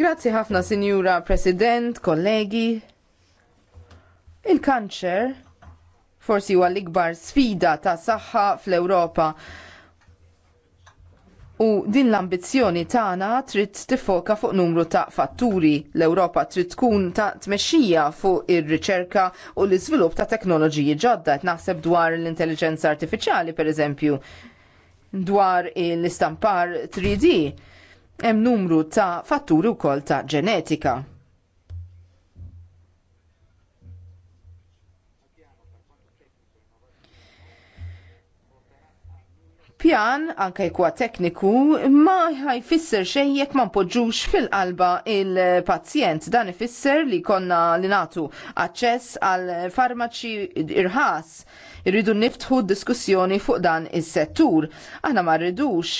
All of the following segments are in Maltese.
Grazzi ħafna, Sinjura President, kollegi. Il-kanċer forsi huwa l-ikbar sfida ta' saħħa fl-Ewropa. U din l-ambizzjoni tagħna trid tifoka fuq numru ta' fatturi. L-Ewropa trid tkun ta' tmexxija fuq ir-riċerka u l-iżvilupp ta' teknoloġiji ġodda qed naħseb dwar l-intelligenza artifiċjali pereżempju dwar l-istampar 3D hemm numru ta' fatturi wkoll ta' ġenetika. pjan anke kwa tekniku ma ħajfisser xejn jekk ma npoġġux fil-qalba il-pazjent. Dan ifisser li konna li natu aċċess għal farmaċi irħas Irridu niftħu diskussjoni fuq dan is-settur. Aħna ma rridux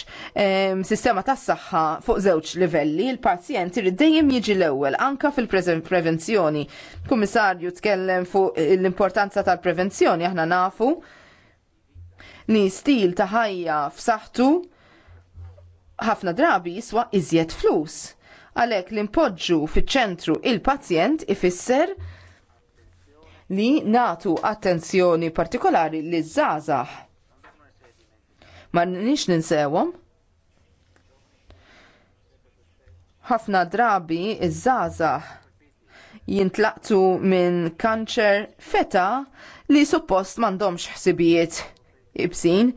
sistema tas-saħħa fuq żewġ livelli, il-pazjent irid dejjem jiġi l-ewwel anka fil-prevenzjoni. Kummissarju tkellem fuq l-importanza tal-prevenzjoni aħna nafu li stil ta' ħajja f'saħħtu ħafna drabi jiswa iżjed flus. Għalhekk li npoġġu fiċ-ċentru il-pazjent ifisser il li natu attenzjoni partikolari li żgħażagħ. Ma nix ninsewhom. Ħafna drabi iż-żgħażagħ jintlaqtu minn kanċer feta li suppost m'għandhomx ħsibijiet ibsin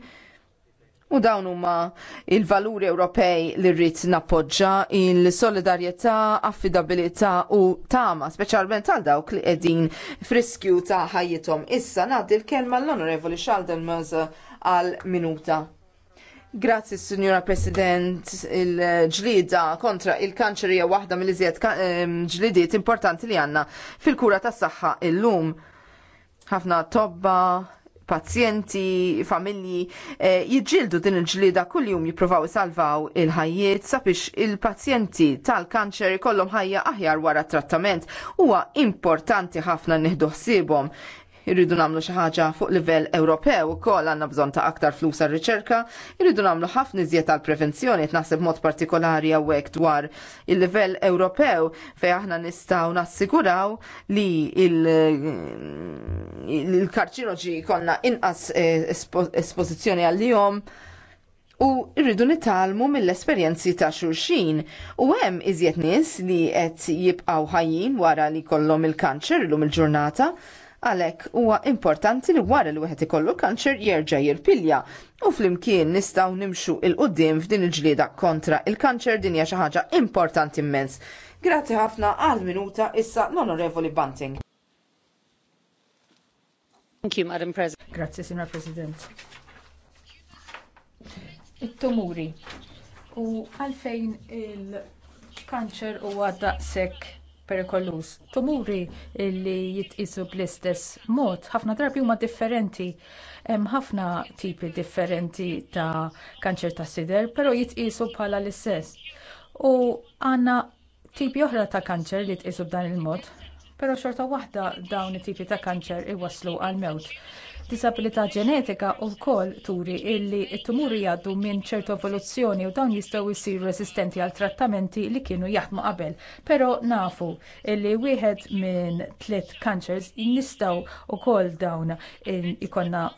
U dawn huma il-valuri Ewropej li rrid nappoġġa il-solidarjetà, affidabilità u tama, speċjalment għal dawk li qegħdin friskju ta' ħajjithom. Issa ngħaddi l-kelma l-Onorevoli Sheldon mose għal minuta. Grazzi, Signora President, il-ġlida kontra il-kanċer hija waħda mill-iżjed ġlidiet importanti li għandna fil-kura tas-saħħa illum. Ħafna tobba, pazjenti, familji eh, jidġildu din il-ġlida kuljum jippruvaw salvaw il-ħajjiet sabiex il-pazjenti tal-kanċer kollom ħajja aħjar wara t trattament. Huwa importanti ħafna nieħdu ħsiebhom irridu nagħmlu xi ħaġa fuq livell Ewropew ukoll għandna bżonn ta' aktar flus għar riċerka irridu nagħmlu ħafna iżjed tal prevenzjoni qed naħseb mod partikolari hawnhekk dwar il-livell Ewropew fejn aħna nistgħu nassiguraw li il-karċinoġi konna inqas eh, espożizzjoni għal-jom u rridu nitalmu mill-esperjenzi ta' xulxin u hemm iżjed nies li qed jibqgħu ħajjin wara li kollhom il-kanċer lum il-ġurnata Għalhekk huwa importanti li wara li wieħed ikollu kanċer jerġa' jirpilja u flimkien nistgħu nimxu il qudiem f'din il-ġlieda kontra il-kanċer din hija xi ħaġa importanti immens. Grazzi ħafna għal minuta issa l-Onorevoli Banting. Thank you, Madam President. Grazie, Signor President. It-tumuri u għalfejn il-kanċer huwa daqshekk perikoluż. Tumuri li jitqisu bl-istess mod ħafna drabi huma differenti. Hemm ħafna tipi differenti ta' kanċer ta' sider, però jitqisu bħala l-istess. U għandna tipi oħra ta' kanċer li jitqisu b'dan il-mod, però xorta waħda dawn it-tipi ta' kanċer iwasslu għal mewt disabilità ġenetika wkoll turi illi t-tumuri jgħaddu minn ċertu evoluzzjoni u dawn jistgħu jsiru resistenti għal trattamenti li kienu jaħdmu qabel. Però nafu li wieħed minn tliet kanċers jistgħu wkoll dawn ikollna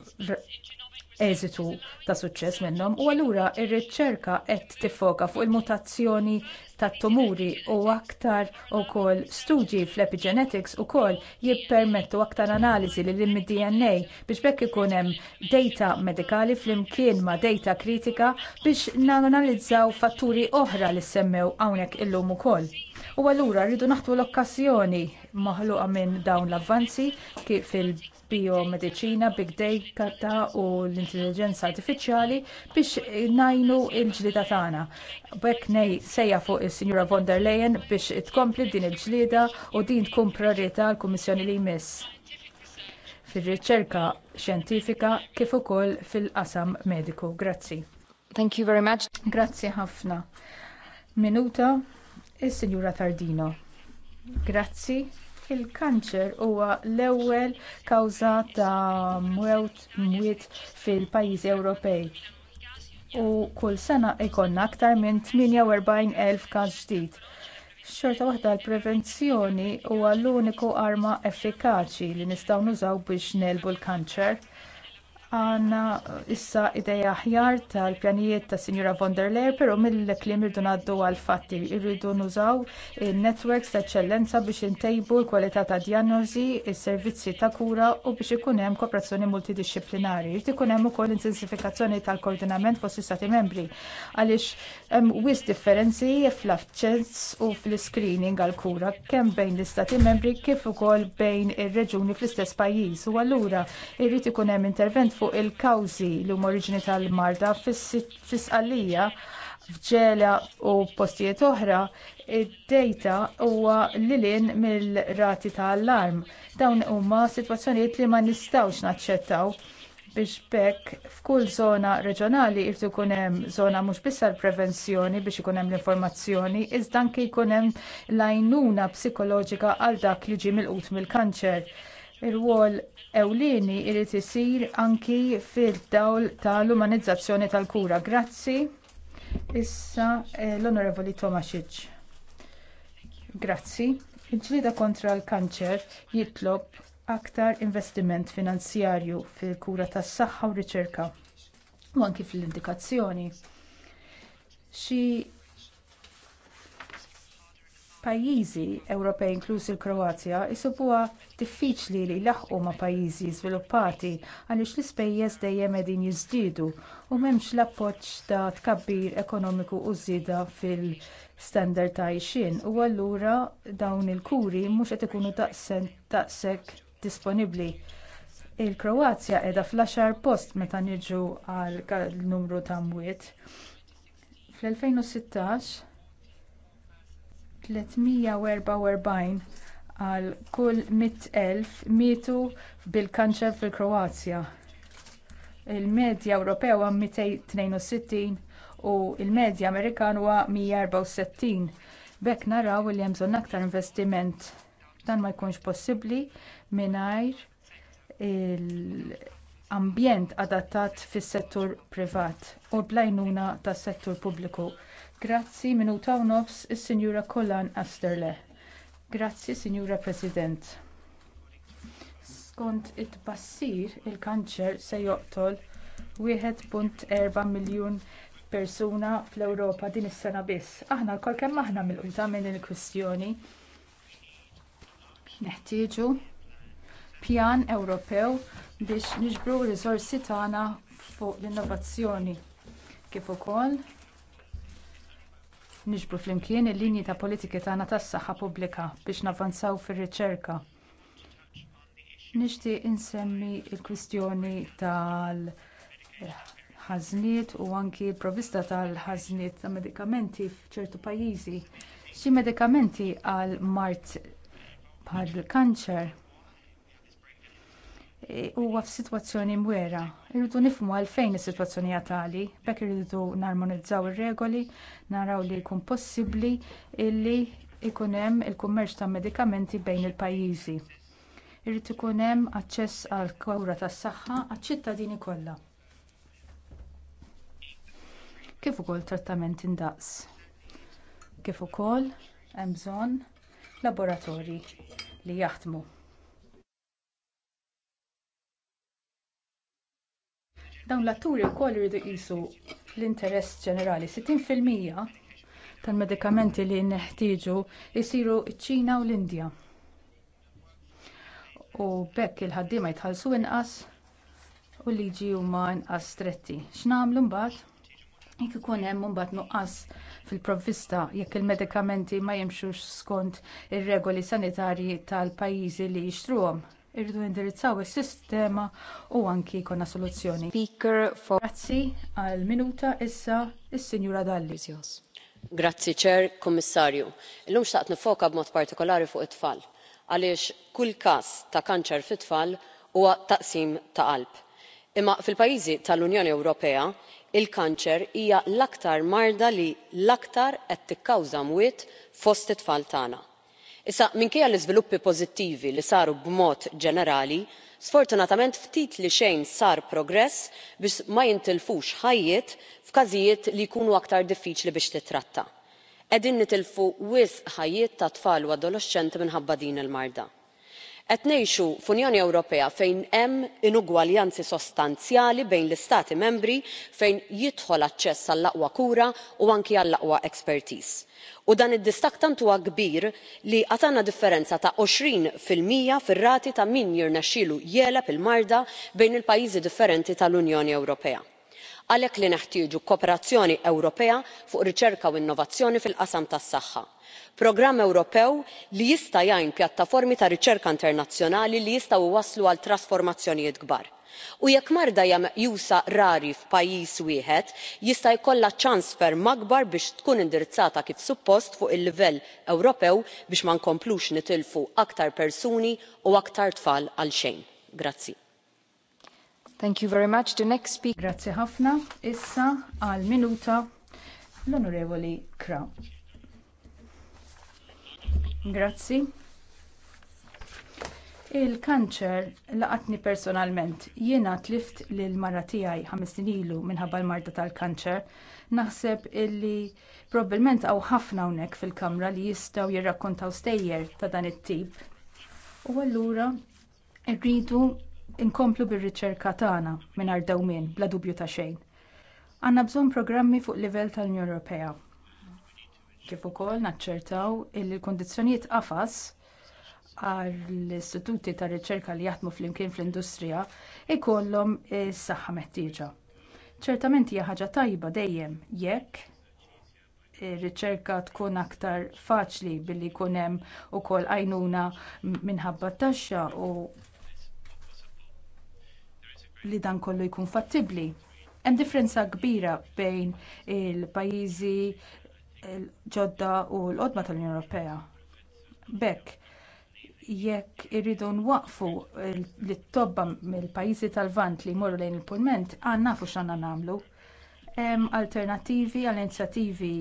eżitu ta' suċċess minnhom u allura r-riċerka qed tiffoka fuq il-mutazzjoni tat-tumuri u aktar ukoll studji fl-epigenetics ukoll jippermettu aktar analiżi li lim dna biex bekk ikun hemm data medikali flimkien ma' data kritika biex nanalizzaw fatturi oħra li semmew hawnhekk illum ukoll U allura rridu naħtu l-okkażjoni maħluqa minn dawn l-avvanzi kif il-biomedicina, big data u l-intelligenza artifiċjali biex najnu l-ġlieda tagħna. B'hekk nej sejja fuq is-Sinjura von der Leyen biex tkompli din il-ġlieda u din tkun priorità l-Kummissjoni li jmiss fir-riċerka xjentifika kif ukoll fil-qasam mediku. Grazzi. Thank you very much. Grazzi ħafna. Minuta is-Sinjura Tardino. Grazzi. Il-kanċer huwa l-ewwel kawża ta' mwewt mwiet fil-pajjiżi Ewropej. U kull sena jkollna aktar minn 48,000 każ ġdid. Xorta waħda l-prevenzjoni huwa l-uniku arma effikaċi li nistgħu nużaw biex nelbu l-kanċer għanna issa ideja aħjar tal-pjanijiet ta' Sinjura von der Leyen, pero mill-klim irridu naddu għal-fatti, irridu nużaw il-networks ta' eċċellenza biex intejbu l-kwalità ta' diagnosi, il-servizzi ta' kura u biex ikun hemm kooperazzjoni multidisciplinari. Jrid ikun hemm ukoll intensifikazzjoni tal-koordinament fost istati membri għaliex hemm wis differenzi fl-afċenz u fl-screening għal-kura kemm bejn l-istati membri kif ukoll bejn ir-reġuni fl-istess pajjiż u allura irrid ikun hemm intervent fuq il-kawżi li huma oriġini tal-marda fis-sqalija f'ġela u postijiet oħra, id-dejta huwa lilin mill-rati ta' allarm. Dawn huma sitwazzjonijiet li ma nistgħux naċċettaw biex bekk f'kull żona reġjonali irtu jkun hemm żona mhux biss għall-prevenzjoni biex ikun hemm l-informazzjoni, iżda anke jkun hemm l-għajnuna psikoloġika għal dak li ġie milqut mill-kanċer ir wol ewlieni jrid isir anki fid-dawl tal-umanizzazzjoni tal-kura. Grazzi. Issa eh, l-Onorevoli Tomasic. Grazzi. Il-ġlieda kontra l-kanċer jitlob aktar investiment finanzjarju fil-kura tas-saħħa u r-riċerka u anki fl-indikazzjoni. Xi pajjiżi Ewropej inkluż il-Kroazja jsibuha diffiċli li jlaħqu ma' pajjiżi żviluppati għaliex l-ispejjeż dejjem qegħdin jiżdiedu u m'hemmx l-appoġġ ta' tkabbir ekonomiku u żieda fil-standard ta' għixien u allura dawn il-kuri mhux qed ikunu daqshekk disponibbli. Il-Kroazja qiegħda fl-għaxar post meta niġu għal numru ta' mwiet. Fl-2016 344 għal kull 100,000 mietu bil-kanċer fil-Kroazja. Il-medja ewropew huwa 262 u l medja Amerikan huwa 164. B'hekk naraw li hemm bżonn aktar investiment. Dan ma jkunx possibbli mingħajr ambjent adattat fis-settur privat u bl-għajnuna tas-settur pubbliku Grazzi minuta u nofs is-Sinjura Kolan Asterle. Grazzi Sinjura President. Skont it-tbassir il-kanċer se joqtol 1.4 miljun persuna fl-Ewropa din is-sena biss. Aħna lkoll kemm aħna mill-qudda minn il-kwistjoni. Neħtieġu pjan Ewropew biex niġbru r-riżorsi tagħna fuq l-innovazzjoni kif ukoll niġbru flimkien il-linji ta' politiki tagħna tas-saħħa pubblika biex navvanzaw fir-riċerka. Nixtieq insemmi l-kwistjoni tal-ħażniet u anki l-provvista tal-ħażniet ta' medikamenti f'ċertu pajjiżi. Xi medikamenti għal mart bħal kanċer huwa f'sitwazzjoni mwera. Irridu nifhmu għalfejn is-sitwazzjoni hija tali, bekk irridu narmonizzaw ir-regoli, naraw li jkun possibbli illi ikun hemm il-kummerċ ta' medikamenti bejn il-pajjiżi. Irrid ikun hemm aċċess għal kura tas-saħħa għaċ-ċittadini kollha. Kif ukoll trattament indaqs. Kif ukoll hemm bżonn laboratorji li jaħdmu. Dawn l-atturi wkoll iridu jqisu l-interess ġenerali. 60% tal-medikamenti li neħtieġu jsiru ċina u l-Indja. U b'hekk il-ħaddiema jitħallsu inqas u liġi huma inqas stretti. X'nagħmlu mbagħad? Jekk ikun hemm imbagħad nuqqas fil-provvista jekk il-medikamenti ma jimxux skont ir-regoli sanitarji tal-pajjiżi li jixtruhom irridu indirizzaw is-sistema u anki jkollna soluzzjoni. Speaker for Grazzi għal minuta issa is-Sinjura Dalli. Grazzi Ċer, Kummissarju. Illum xtaqt nifoka b'mod partikolari fuq it-tfal għaliex kull każ ta' kanċer fit-tfal huwa taqsim ta' qalb. Imma fil-pajjiżi tal-Unjoni Ewropea il-kanċer hija l-aktar marda li l-aktar qed tikkawża mwiet fost it-tfal tagħna issa minkejja l-iżviluppi pożittivi li saru b'mod ġenerali sfortunatament ftit li xejn sar progress biex ma jintilfux ħajjiet f'każijiet li jkunu aktar diffiċli biex titratta. qegħdin nitilfu wisq ħajjiet ta' tfal u adolexxenti minħabba din il marda qed ngħixu f'unjoni ewropea fejn hemm inugwaljanzi sostanzjali bejn l-istati membri fejn jidħol aċċess għall aqwa kura u anki għall aqwa expertise u dan id distaktant tant huwa kbir li qatt għandna differenza ta' għoxrin fil-mija fir-rati ta' min jirnexxielu jeleb il marda bejn il pajjiżi differenti tal-unjoni ewropea għalhekk li neħtieġu kooperazzjoni ewropea fuq riċerka u innovazzjoni fil-qasam tas-saħħa programm ewropew li jista' jgħin pjattaformi ta' riċerka internazzjonali li jistgħu jwasslu għal trasformazzjonijiet kbar u jekk marda hija jusa rari f'pajjiż wieħed jista' jkollha ċans ferm akbar biex tkun indirizzata kif suppost fuq il-livell ewropew biex ma nkomplux nitilfu aktar persuni u aktar tfal għal xejn. Thank you very much. The next speaker. Grazie ħafna. Issa għal minuta l-Onorevoli Kra. Grazzi. Il-kanċer laqatni personalment. Jiena tlift lil mara tiegħi ħames snin ilu minħabba l-marda tal-kanċer. Naħseb illi probabbilment hawn ħafna hawnhekk fil-kamra li jistgħu jirrakkontaw stejjer ta' dan it-tip. U allura rridu inkomplu bir-riċerka tagħna mingħajr dewmien bla dubju ta' xejn. Għandna bżonn programmi fuq livell tal-Unjoni Ewropea. Kif ukoll naċċertaw li l-kundizzjonijiet qafas għall-istituti ta' riċerka li jaħdmu flimkien fl-industrija ikollhom is-saħħa meħtieġa. Ċertament hija ħaġa tajba dejjem jekk ir-riċerka tkun aktar faċli billi jkun hemm ukoll għajnuna minħabba t-taxxa u li dan kollu jkun fattibbli. Hemm differenza kbira bejn il-pajjiżi ġodda u l-qodma tal-Unjoni Ewropea. B'hekk jekk irridu nwaqfu li tobba mill-pajjiżi tal-Vant li jmorru lejn il-Pulment, għandna nafu x'għandna nagħmlu. Hemm alternattivi għal inizjattivi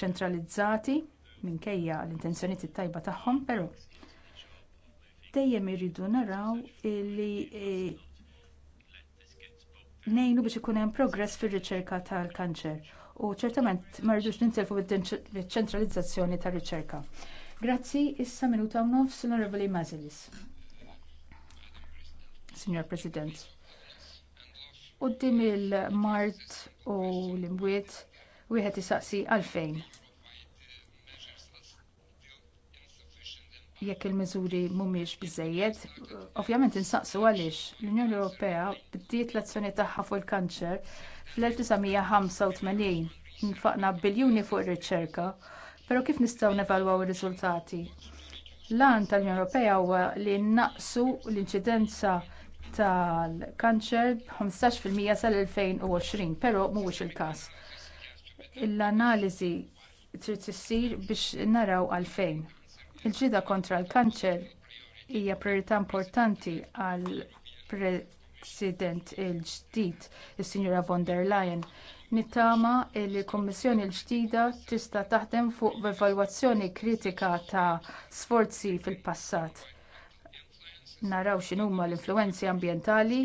ċentralizzati minkejja l-intenzjoni tajba tagħhom, però dejjem irridu naraw li nejnu biex ikun hemm progress fir-riċerka tal-kanċer u ċertament ma rridux nintilfu ċ-ċentralizzazzjoni tar-riċerka. Grazzi, issa minuta nofs l-Onorevoli Mazilis. Signor President, Quddiem il-mart u l-imwiet wieħed isaqsi għalfejn jekk il-miżuri mhumiex biżżejjed, ovvjament insaqsu għaliex l-Unjoni Ewropea bdiet l-azzjoni tagħha fuq il-kanċer fl-1985 nfaqna biljuni fuq ir-riċerka, però kif nistgħu nevalwaw ir-riżultati? L-għan tal-Unjoni Ewropea huwa li naqsu l-inċidenza tal-kanċer b'15% sal-2020, però mhuwiex il-każ. L-analiżi trid issir biex naraw għalfejn il-ġida kontra l-kanċer hija prijorità importanti għall president il-ġdid is-sinjura von der Leyen. Nittama li l-Kummissjoni l-ġdida tista' taħdem fuq evalwazzjoni kritika ta' sforzi fil-passat. Naraw x'inhuma l-influwenzi ambjentali,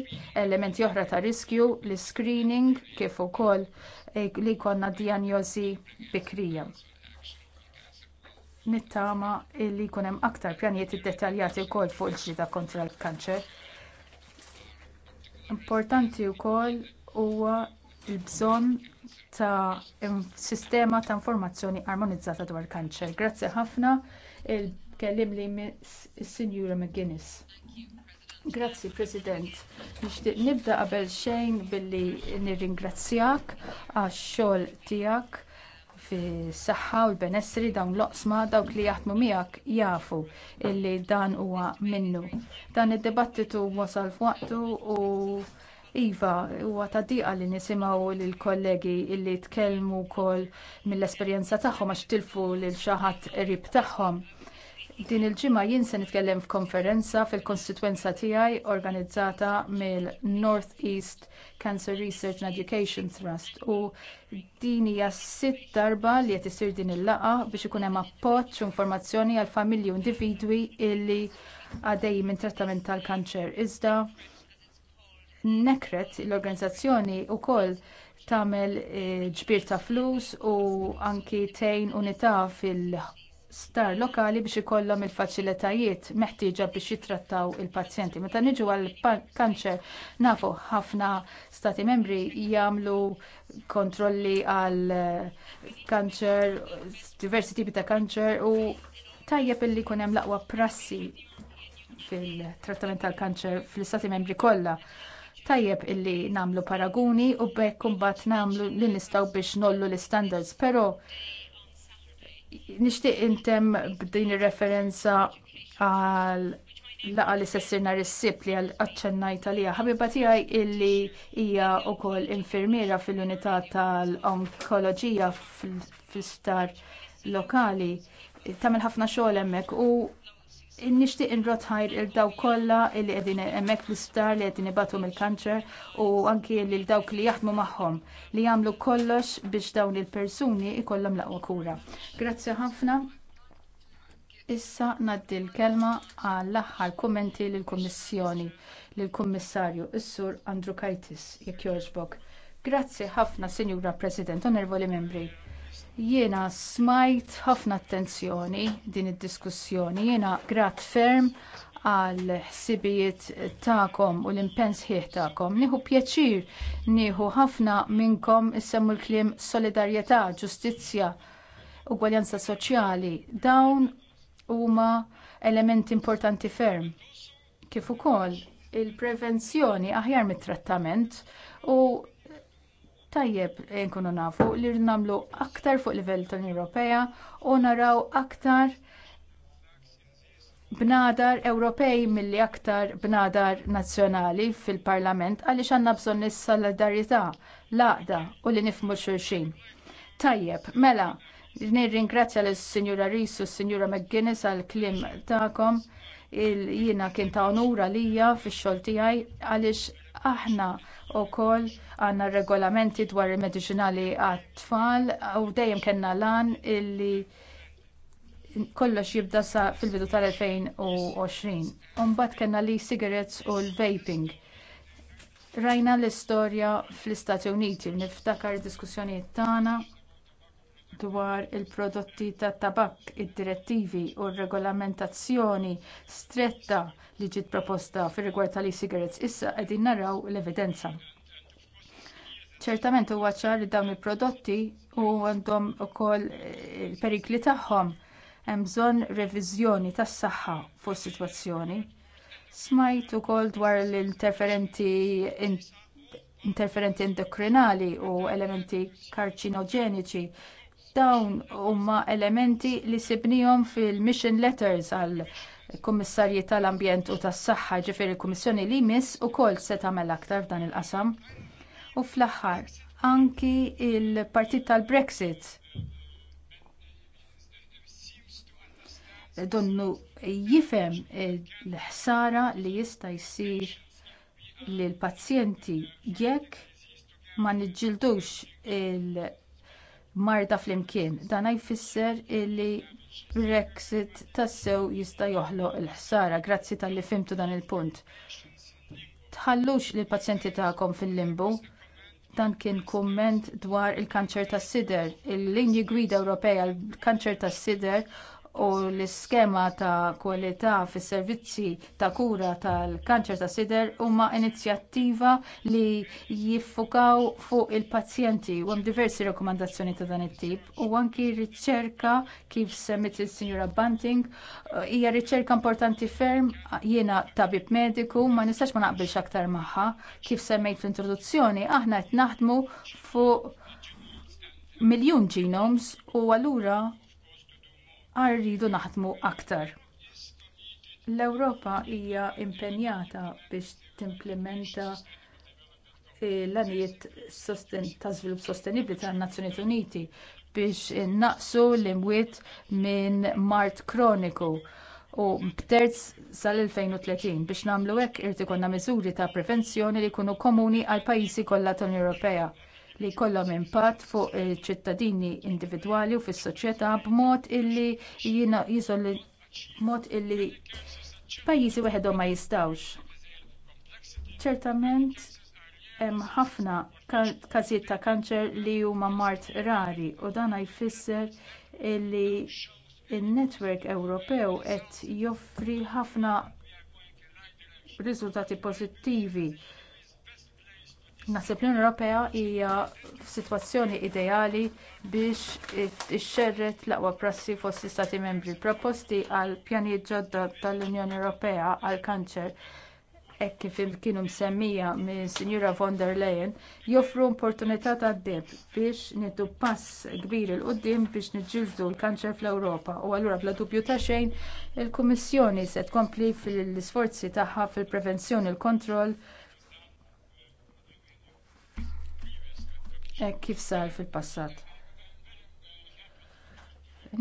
elementi oħra ta' riskju, l-screening kif ukoll eh, li jkollna dijanjosi bikrija nittama li jkun hemm aktar pjanijiet iddettaljati wkoll fuq il-ġlieda kontra l-kanċer. Importanti wkoll huwa l-bżonn ta' sistema ta' informazzjoni armonizzata dwar il-kanċer. Grazzi ħafna il-kellim li s Sinjura McGuinness. Grazzi, President. Nixtieq nibda qabel xejn billi nirringrazzjak għax-xogħol tiegħek fis-saħħa u l-benessri dawn l-oqsma dawk li jaħdmu miegħek jafu illi dan huwa minnu. Dan id-dibattitu wasal f'waqtu u Iva, huwa ta' diqa li nisimgħu lill kollegi illi tkellmu wkoll mill-esperjenza tagħhom għax tilfu lil xi ħadd qrib tagħhom. Din il-ġimgħa jien se nitkellem f'konferenza fil-konstituenza tiegħi organizzata mill-North East Cancer Research and Education Trust u din hija sitt darba li qed isir din il-laqgħa biex ikun hemm appoġġ u informazzjoni għal familji u individwi illi għaddej minn trattament tal-kanċer. Iżda nekret l-organizzazzjoni wkoll tagħmel eh, ġbir ta' flus u anki tgħin unità fil- star lokali biex ikollhom il-faċilitajiet meħtieġa biex jittrattaw il-pazjenti. Meta niġu għal kanċer nafu ħafna stati membri jagħmlu kontrolli għal eh, kanċer, diversi tipi ta' kanċer u tajjeb illi jkun hemm l-aqwa prassi fil-trattament tal-kanċer fl-istati membri kollha tajjeb illi nagħmlu paraguni u b'hekk imbagħad nagħmlu li nistgħu biex nollu l-istandards, però Nixtieq intemm b'din ir-referenza għal laqa li sessir nhar is-sib li għal aċċennajt għalija. Ħabiba tiegħi illi hija wkoll infirmiera fil-unità tal-onkoloġija fl-istar lokali tagħmel ħafna xogħol hemmhekk u Nishtiq nrotħajr il-daw kolla li għedin emmek fl istar li għedin ibatu mill-kanċer u anki li l-dawk li jaħdmu maħħom li jamlu kollox biex dawn il-persuni ikollom laqwa kura. Grazzi ħafna. Issa naddi l-kelma għall aħħar kummenti lill-Kummissjoni lill-Kummissarju is-Sur Andrew Kajtis jekk jogħġbok. Grazzi ħafna, Sinjura President, onervoli membri. Jiena smajt ħafna attenzjoni din id-diskussjoni. Jiena grat ferm għal ħsibijiet tagħkom u l-impens ħieħ tagħkom. Nieħu pjaċir, nieħu ħafna minnkom issemmu l-kliem solidarjetà, ġustizzja, ugwaljanza soċjali. Dawn huma elementi importanti ferm. Kif ukoll il-prevenzjoni aħjar mit-trattament u tajjeb eh, nkunu nafu li nagħmlu aktar fuq livell tal Ewropea u naraw aktar bnadar Ewropej milli aktar bnadar nazzjonali fil-Parlament għaliex għandna bżonn is-solidarjetà l-għaqda u li nifhmu xulxin. Tajjeb, mela, nirringrazzja lis sinjura Ris u s-Sinjura McGuinness għall kliem tagħkom jiena kien ta' onura lija fix-xogħol tiegħi għaliex aħna wkoll għandna regolamenti dwar il-mediċinali għat-tfal u dejjem kellna lan illi kollox jibda sa fil-bidu tal-2020. Umbat kellna li cigarettes u l-vaping. Rajna l-istorja fl-Istati Uniti, niftakar id diskussjonijiet tagħna dwar il-prodotti tat tabakk id-direttivi u r-regolamentazzjoni stretta li ġiet proposta fir-rigward tal-e-cigarettes issa qegħdin naraw l-evidenza ċertament huwa ċar li dawn il-prodotti għandhom ukoll il-perikli tagħhom hemm bżonn reviżjoni tas-saħħa fuq is-sitwazzjoni. Smajt ukoll dwar l-interferenti interferenti endokrinali u elementi karċinoġeniċi Dawn huma elementi li sibnihom fil-mission letters għal kummissarji tal-Ambjent u tas-Saħħa ġifieri l-Kummissjoni li jmiss ukoll se tagħmel aktar f'dan il-qasam. U fl-aħħar anki l partit tal-Brexit donnu jifhem l-ħsara li jista' jsir lill pazjenti jekk ma niġġieldux il- marda flimkien. Dan jfisser li Brexit tassew jista' joħloq il-ħsara. Grazzi tal-li fimtu dan il-punt. Tħallux lill pazjenti tagħkom fil-limbu. Dan kien kumment dwar il-kanċer tas-sider. Il-linji gwida Ewropea għall kanċer tas-sider u l-iskema ta' kwalità fis-servizzi ta' kura tal-kanċer ta' sider huma inizjattiva li jiffukaw fuq il-pazjenti u hemm diversi rakkomandazzjoni ta' dan it-tip u anki riċerka kif semmit il-Sinjura Banting eh, hija riċerka importanti ferm jiena tabib mediku ma nistax ma naqbilx aktar magħha kif semmejt fl-introduzzjoni aħna qed naħdmu fuq miljun genomes u allura rridu naħdmu aktar. L-Ewropa hija impenjata biex timplementa l-għanijiet ta' żvilupp sostenibbli tan-Nazzjonijiet Uniti biex innaqsu l-imwiet minn mart kroniku u b'terz sal-2030 biex nagħmlu hekk irid ikollna miżuri ta' prevenzjoni li jkunu komuni għall pajjiżi kollha tal-Ewropea li jkollhom impatt fuq ċittadini individwali u fis-soċjetà b'mod illi jiżol mod illi pajjiżi weħedhom ma jistgħux. Ċertament hemm ħafna każijiet ta' kanċer li huma mart rari u dan jfisser illi in-netwerk Ewropew qed joffri ħafna riżultati pożittivi Naħseb l-Unjoni Ewropea hija f'sitwazzjoni ideali biex ixxerret l-aqwa prassi fost l-Istati membri proposti għal pjanijiet ġodda tal-Unjoni Ewropea għall kanċer hekk kif kienu msemmija minn Sinjura von der Leyen joffru opportunità tad-deb biex nieħdu pass kbir il qudiem biex niġġieldu l-kanċer fl-Ewropa u allura bla dubju ta' xejn il-Kummissjoni se tkompli fl-isforzi tagħha fil-prevenzjoni l-kontroll hekk kif sar fil-passat.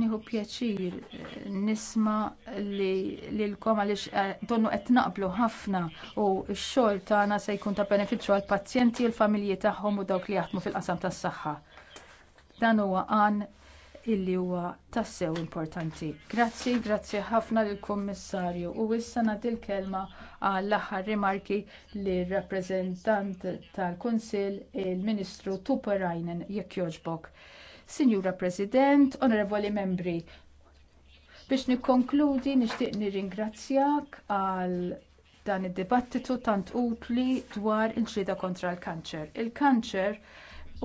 Nieħu pjaċir eh, nisma li lilkom għaliex eh, donnu qed naqblu ħafna u x-xogħol tagħna se jkun ta' benefiċċju għall-pazjenti u l-familji tagħhom u dawk li jaħdmu fil-qasam tas-saħħa. Dan huwa għan illi huwa tassew importanti. Grazzi, grazzi ħafna lill kummissarju u issa nagħti l-kelma għall aħħar rimarki r rappreżentant tal-Kunsill il-Ministru Tuperajnen jekk jogħġbok. Sinjura President, onorevoli membri, biex nikkonkludi nixtieq nirringrazzjak għal dan id-dibattitu tant utli dwar il-ġlieda kontra l-kanċer. Il-kanċer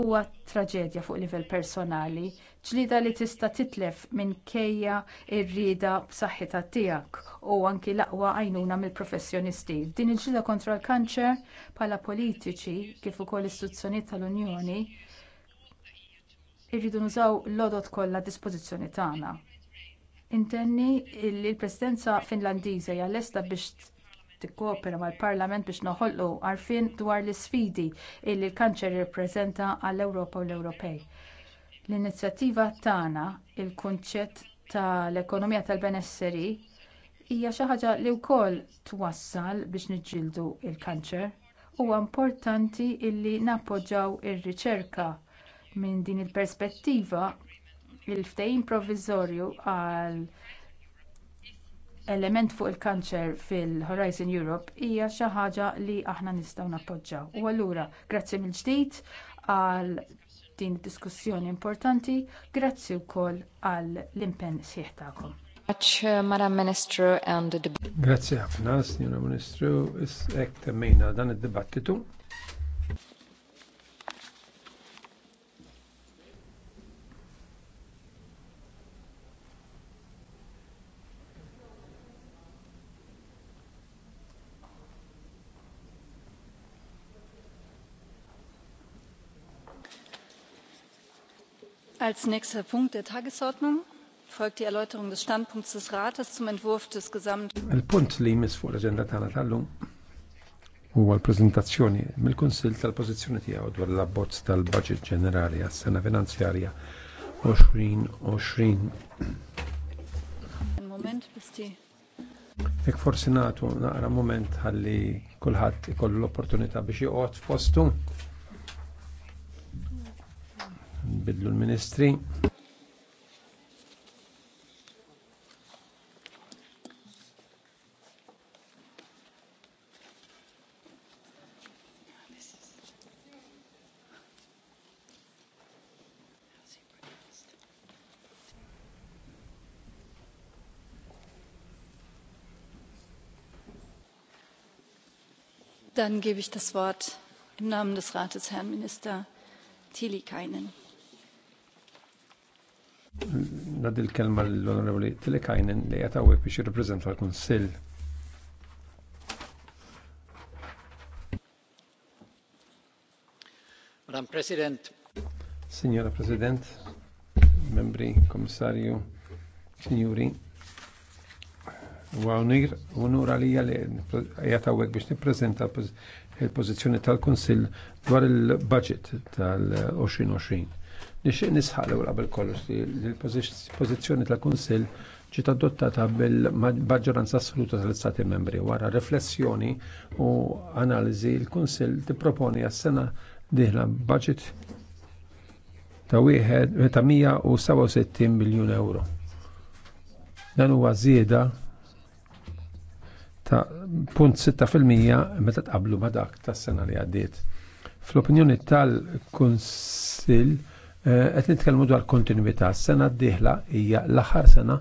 huwa traġedja fuq livell personali ġlieda li tista' titlef minkejja r-rieda b'saħħitha tiegħek u anki l-aqwa għajnuna mill-professjonisti. Din il-ġlieda kontra l-kanċer bħala politiċi kif ukoll istituzzjonijiet tal-Unjoni irridu nużaw l-odot kollha dispożizzjoni tagħna. Intenni li l-Presidenza Finlandiża hija lesta biex tikkopera mal-Parlament biex noħolqu għarfien dwar l-isfidi li l-kanċer jirrappreżenta għall-Ewropa u l-Ewropej. L-inizjattiva tagħna il-kunċett tal-ekonomija tal-benesseri hija xi ħaġa li wkoll twassal biex niġġieldu l-kanċer. Huwa importanti li nappoġġjaw ir-riċerka minn din il-perspettiva il-ftehim proviżorju għall element fuq il-kanċer fil-Horizon Europe hija xi ħaġa li aħna nistgħu nappoġġjaw. U allura, grazzi mill-ġdid għal din id diskussjoni importanti. Grazzi wkoll għal l-impenn sieħ tagħkom. Uh, Grazzi ħafna, Signora Ministru, is hekk temmejna dan id-dibattitu. als nächster punkt der tagesordnung folgt die erläuterung des standpunkts des rates zum entwurf des gesamt il-punt li jmiss fuq l-aġenda tagħna tal-lum huwa l-preżentazzjoni mill-kunsill tal-pożizzjoni tiegħu dwar l-abbozz tal-baġit ġenerali għas-sena finanzjarja 2020. Moment bisti. Jekk forsi natu naqra moment ħalli kulħadd ikollu l-opportunità biex joqgħod f'postu bidlu l-ministri. Dann gebe ich das Wort im Namen des Rates Herrn Minister Tilikainen nad il-kelma l-Onorevoli Tilekajnen li jatawe biex jirreprezenta l-Konsil. Madam President. Signora President, membri, komissarju, signori, u għawnir, għalija li jatawek biex niprezenta il-pozizjoni tal-Konsil dwar il-budget tal-2020 Nixtieq nisħaq l qabel kollox li l-pożizzjoni tal-Kunsill ġiet adottata bil-maġġoranza assoluta tal-Istati membri. Wara riflessjoni u analiżi l-Kunsill tipproponi għas-sena diħla budget ta' wieħed ta' 167 miljun euro. Dan huwa żieda ta' punt 6% meta tqablu ma' dak tas-sena li għaddiet. Fl-opinjoni tal-Kunsill Eh, qed nitkellmu dwar kontinuità. Sena d-dieħla hija l-aħħar sena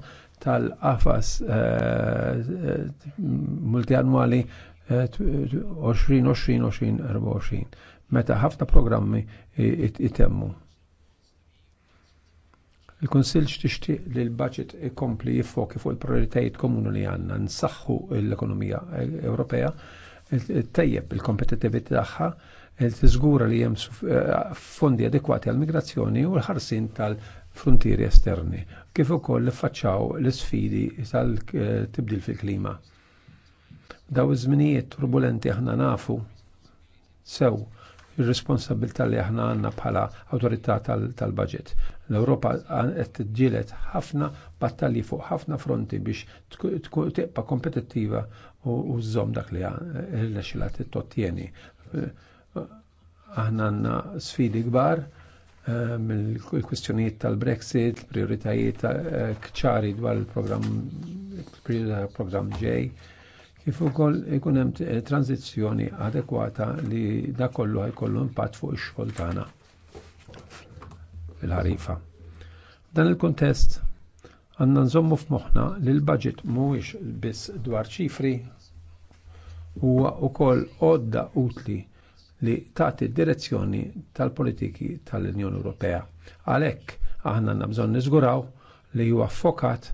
tal-qafas eh, multianwali 2020-2024 eh, meta ħafna programmi itemmu. Il-Konsil xtixtieq li l-budget ikompli jiffoki fuq il-prioritajiet komuni li għandna nsaħħu l-ekonomija Ewropea, tejjeb il-kompetittività tagħha, tiżgura li hemm eh, fondi adekwati għall-migrazzjoni u l-ħarsin tal-frontieri esterni, kif ukoll faċċaw l-sfidi tal-tibdil fil-klima. Daw iż-żminijiet turbulenti aħna nafu sew ir-responsabilità li aħna għandna bħala awtorità tal-budget. L-Ewropa qed tiġġieled ħafna battalji fuq ħafna fronti biex tibqa' kompetittiva u żżomm dak li rnexxilat tottieni aħna għandna sfidi kbar eh, mill kwistjonijiet tal-Brexit, prioritajiet eh, kċari dwar il-programm ġej, kif ukoll ikun hemm eh, tranzizzjoni adekwata li da kollu ħajkollu impatt fuq ix-xogħol tagħna fil-ħarifa. Dan il-kontest għandna nżommu f'moħħna li l-budget mhuwiex biss dwar ċifri huwa wkoll għodda utli li tagħti d-direzzjoni tal-politiki tal-Unjoni Ewropea. Għalhekk aħna nabżon bżonn niżguraw li huwa fokat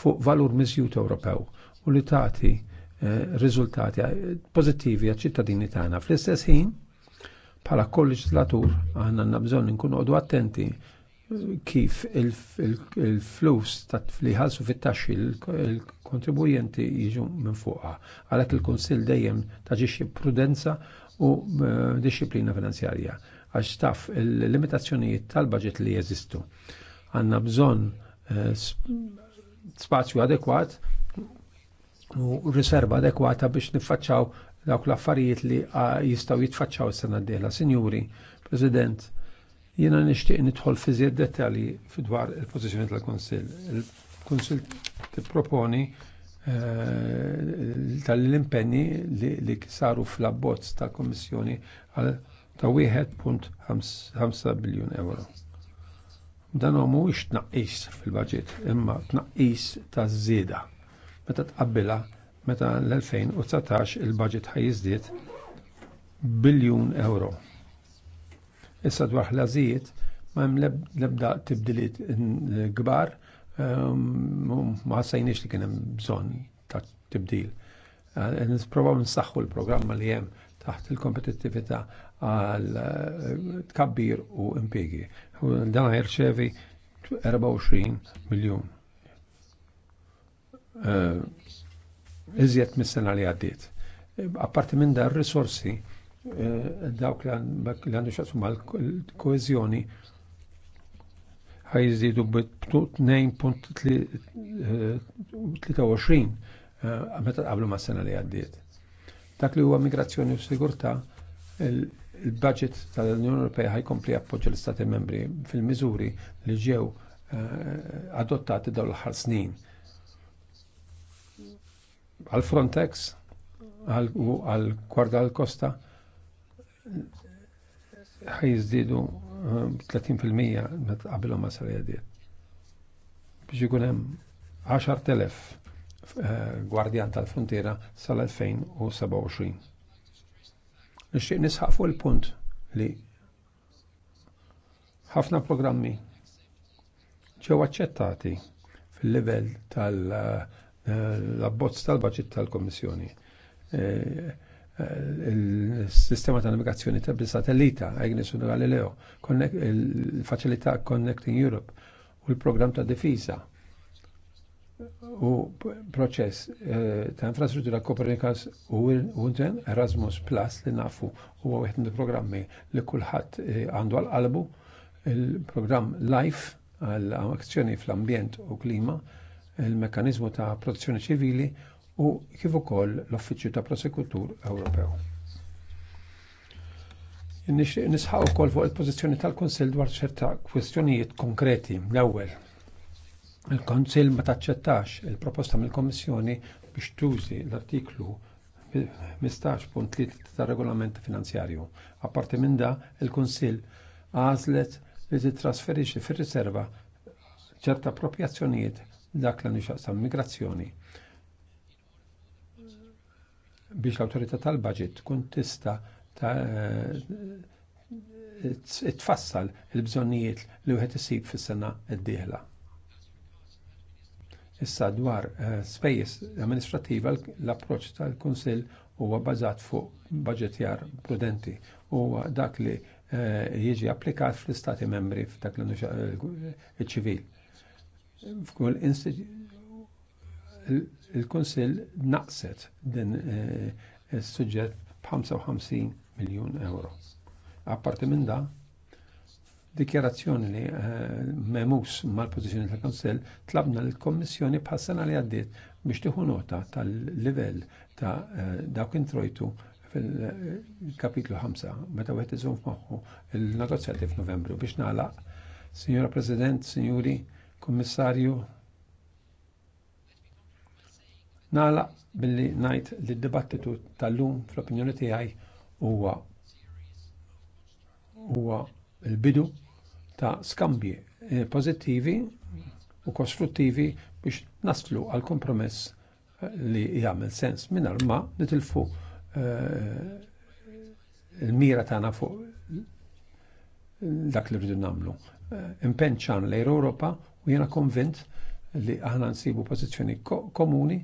fuq valur miżjut Ewropew u li tagħti eh, riżultati eh, pożittivi għal ċittadini tagħna. Fl-istess ħin, bħala kolleġislatur aħna nabżon bżonn inkunu attenti eh, kif il-flus li ħalsu fit-taxxi il-kontribujenti jiġu minn fuqha. Għalhekk il-Kunsill dejjem taġixxi prudenza u eh, disciplina finanzjarja għax taf il-limitazzjonijiet tal-budget li jeżistu. Għanna bżon eh, spazju adekwat u riserva adekwata biex nifacċaw dawk l-affarijiet li jistaw jitfacċaw s-sena d-dela. Sinjuri, President, jena nishtiq nidħol fi zjed dettali dwar il-pozizjoni tal-Konsil. Il-Konsil tipproponi proponi Eh, tal-impenni li saru fl-abbozz ta' għal ta' 1.5 biljun euro. Dan għomu ix tnaqqis fil-budget, imma tnaqqis ta' zida. Meta tqabbila, meta l-2019 il-budget ħajizdiet biljun euro. Issa dwar ħlażijiet ma' hemm lebda tibdiliet kbar Ehm, ma ħassajniex li kienem bżon ta' tibdil. Eh, nisprovaw nsaħħu l-programma li jem taħt il kompetittivita għal eh, tkabbir u impiegi. Dan jirċevi 24 miljon. Eh, iżjed mis-sena li għaddiet. Apparti minn dar risorsi dawk li għandu xaqsu mal-koezjoni ħajżidu b-2.23 eh, eh, meta qablu ma' sena li għaddiet. Dak li huwa migrazzjoni u sigurta, il-budget tal-Unjoni Ewropea ħajkompli appoġġja l istati membri fil-miżuri li ġew eh, adottati dawn l ħar snin. Għal Frontex, għal kwarda l-Kosta, ħajżdiedu 30% meta qabilhom ma sar biex ikun hemm 10,000 eh, gwardjan tal-frontiera sal-2027. Nixtieq nisħaq fuq il-punt li ħafna programmi ġew aċċettati fil-livell tal-abbozz eh, tal-baġit tal-Kommissjoni. Eh, il-sistema ta' navigazzjoni ta' bil-satellita, Agnes u Galileo, il-facilità Connecting Europe u l-program ta' difiża u proċess eh, ta' infrastruttura Copernicus u Unten Erasmus Plus li nafu u għu programmi li kullħat eh, għandu għal-qalbu il-program LIFE għal azzjoni fl-ambjent u klima il-mekanizmu ta' protezzjoni ċivili u kif ukoll l-Uffiċċju ta' Prosekutur Ewropew. Nisħaq ukoll fuq il-pożizzjoni tal-Kunsill dwar ċerta kwistjonijiet konkreti. L-ewwel, il-Kunsill ma taċċettax il-proposta mill-Kommissjoni biex tużi l-artiklu 15.3 tar-regolament finanzjarju. Apparti minn da, il-Kunsill għażlet li titrasferixxi fir-riserva ċerta appropriazzjonijiet dak li nixaqsam migrazzjoni biex l-autorità tal-budget tkun tista eh, tfassal il-bżonnijiet li wieħed isib fis-sena d-dieħla. Issa dwar eh, spejjeż amministrattiva l-approċċ tal-Kunsill huwa bażat fuq budgetjar prudenti huwa dak li eh, jiġi applikat fl-istati membri f'dak l ċivil il-Kunsill naqset din eh, is-suġġett b'55 miljun euro. Apparti minn da, dikjarazzjoni li eh, memus mal-pożizzjoni tal-Kunsill tlabna l-Kommissjoni passana li għaddiet biex tieħu nota tal-livell ta' eh, dawk introjtu fil-kapitlu 5 meta wieħed iżum f'moħħu il-negozjati f'Novembru biex nagħlaq. Signora President, Signori, Kommissarju, Nala billi najt li d-dibattitu tal-lum fl-opinjoni tiegħi huwa huwa il bidu ta' skambji eh, pożittivi u kostruttivi biex naslu għal kompromess eh, li jagħmel sens mingħajr ma nitilfu eh, il-mira tagħna fuq dak li rridu nagħmlu. Impenċan l Europa u jiena konvint li aħna nsibu pożizzjoni komuni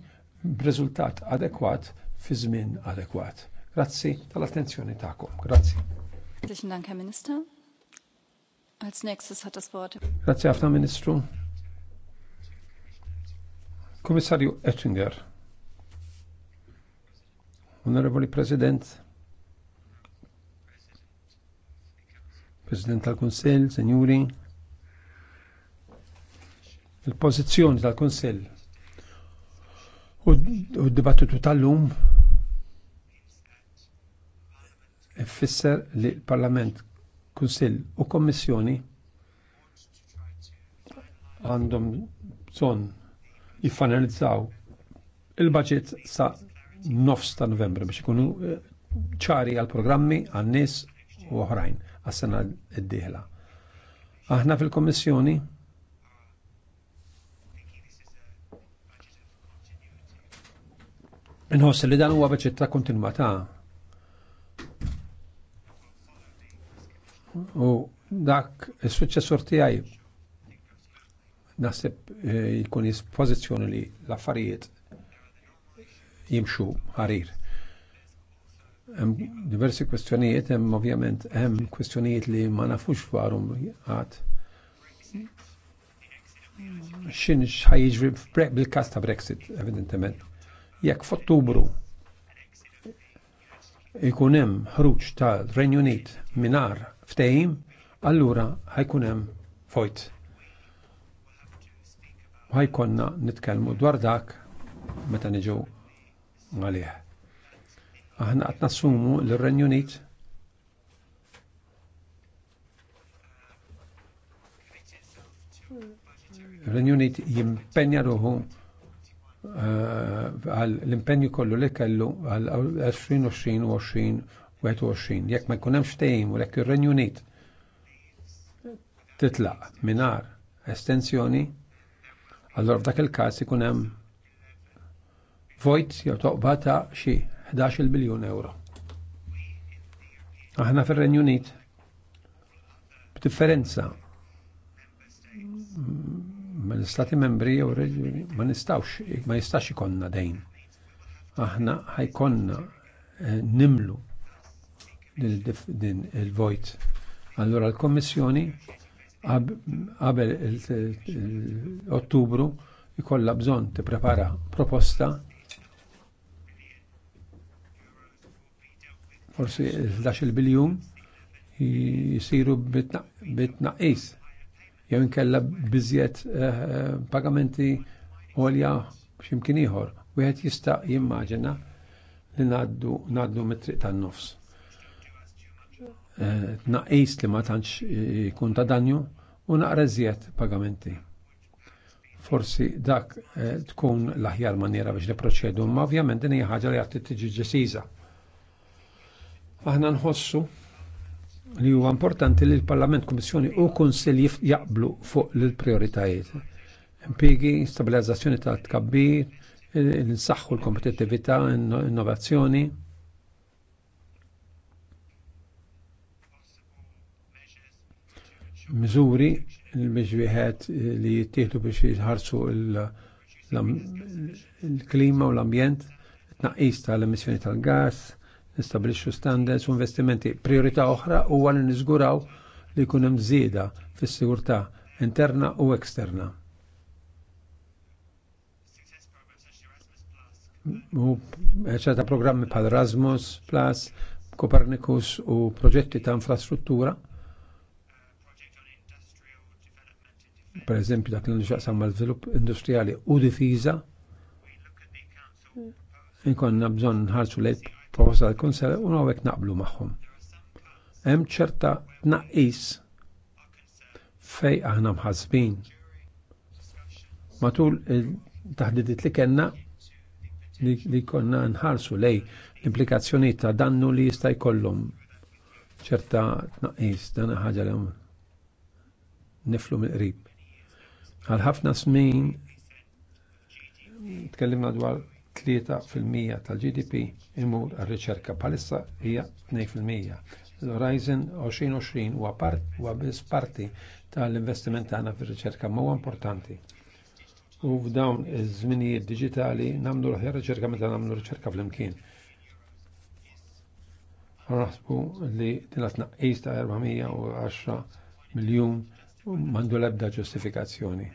b'riżultat adekwat fi żmien adekwat. Grazzi tal-attenzjoni tagħkom. Grazzi. Herzlichen Dank, Herr Minister. Als nächstes hat das Wort. Grazie ħafna Ministru. Kommissarju Ettinger. Onorevoli President. President tal-Kunsell, Senjuri. Il-pożizzjoni tal-Kunsell u d-dibattitu tal-lum ifisser li l-Parlament, Kunsill u Kommissjoni għandhom bżonn jiffanalizzaw il-budget sa nofs ta' novembru biex ikunu eh, ċari għal programmi għan nies u oħrajn għas-sena d-dieħla. Aħna fil-Kommissjoni Nħoss li dan huwa veċetta kontinwata. U dak is-suċċessur tiegħi naħseb eh, jkun jispożizzjoni li l-affarijiet jimxu ħarir. Hemm diversi kwestjonijiet, hemm ovvjament hemm kwestjonijiet li ma nafux dwarhom għad. X'in xħajġri bil-każ ta' Brexit, evidentement. Jekk f'Ottubru ikun hemm ħruġ tal-Renju Unit mingħajr ftehim, allura ħajkun hemm fojt. U ħajkonna nitkellmu dwar dak meta niġu għalih. Aħna qed nassumu l renju Unit Renju Unit jimpenja ruħu Eh, għal l-impenju kollu li kellu għal 2020 u 2021. Jekk ma jkunemx hemm u jekk ir-Renju Unit titlaq minar estensjoni, allora f'dak il-każ ikun hemm vojt jew toqba ta' xi 11 biljun euro. Aħna fir-Renju Unit b'differenza l-Stati membri jew reġuni ma nistawx ma jistax ikonna dejn. Aħna ħajkonna eh, nimlu din il-vojt. Allura l kummissjoni qabel ottubru ikolla bżonn tipprepara proposta forsi 11 biljun jisiru bitnaqis jew inkella biżjed eh, eh, pagamenti għolja x'imkien ieħor. Wieħed jista' jimmaġina li ngħaddu ngħaddu mit-triq tan-nofs. Eh, tnaqqis li ma tantx jkun ta' danju u naqra żjed pagamenti. Forsi dak tkun l-aħjar maniera biex niproċedu, ma ovvjament din hija ħaġa li għad tiġi ġesiża. Aħna nħossu li huwa importanti li l-Parlament, Kummissjoni u Kunsill jaqblu fuq l-prioritajiet. Impjegi, stabilizzazzjoni ta' tkabbir, eh, nsaħħu l-kompetittività, innovazzjoni. Miżuri biex wieħed eh, li jittieħdu biex jħarsu l-klima u l-ambjent, tnaqqis tal-emissjoni tal-gas, nistabilixxu standards u investimenti. Priorità oħra huwa li niżguraw li jkun hemm żieda fis-sigurtà interna u eksterna. U ċerta programmi bħal Erasmus Plus, Copernicus u proġetti ta' infrastruttura. Per eżempju dak li nixaqsam mal-żvilupp industriali u difiża. Inkonna bżonn nħarsu lejn proposta tal-Kunsell u hawnhekk naqblu magħhom. Hemm ċerta tnaqqis fej aħna mħasbin. Matul il-taħdidiet li kellna li konna nħarsu lej l-implikazzjoni ta' dannu li jista' jkollhom ċerta tnaqqis dan ħaġa li niflu mill-qrib. Għal ħafna smin tkellimna dwar 3% tal-GDP imur għar-riċerka bħalissa hija 2%. L-Horizon 2020 huwa part huwa biss parti tal-investiment tagħna fir-riċerka mhuwa importanti. U f'dawn iż-żminijiet diġitali nagħmlu l riċerka meta nagħmlu riċerka flimkien. Naħsbu li din tnaqqis ta' 410 miljun mandu l-ebda ġustifikazzjoni.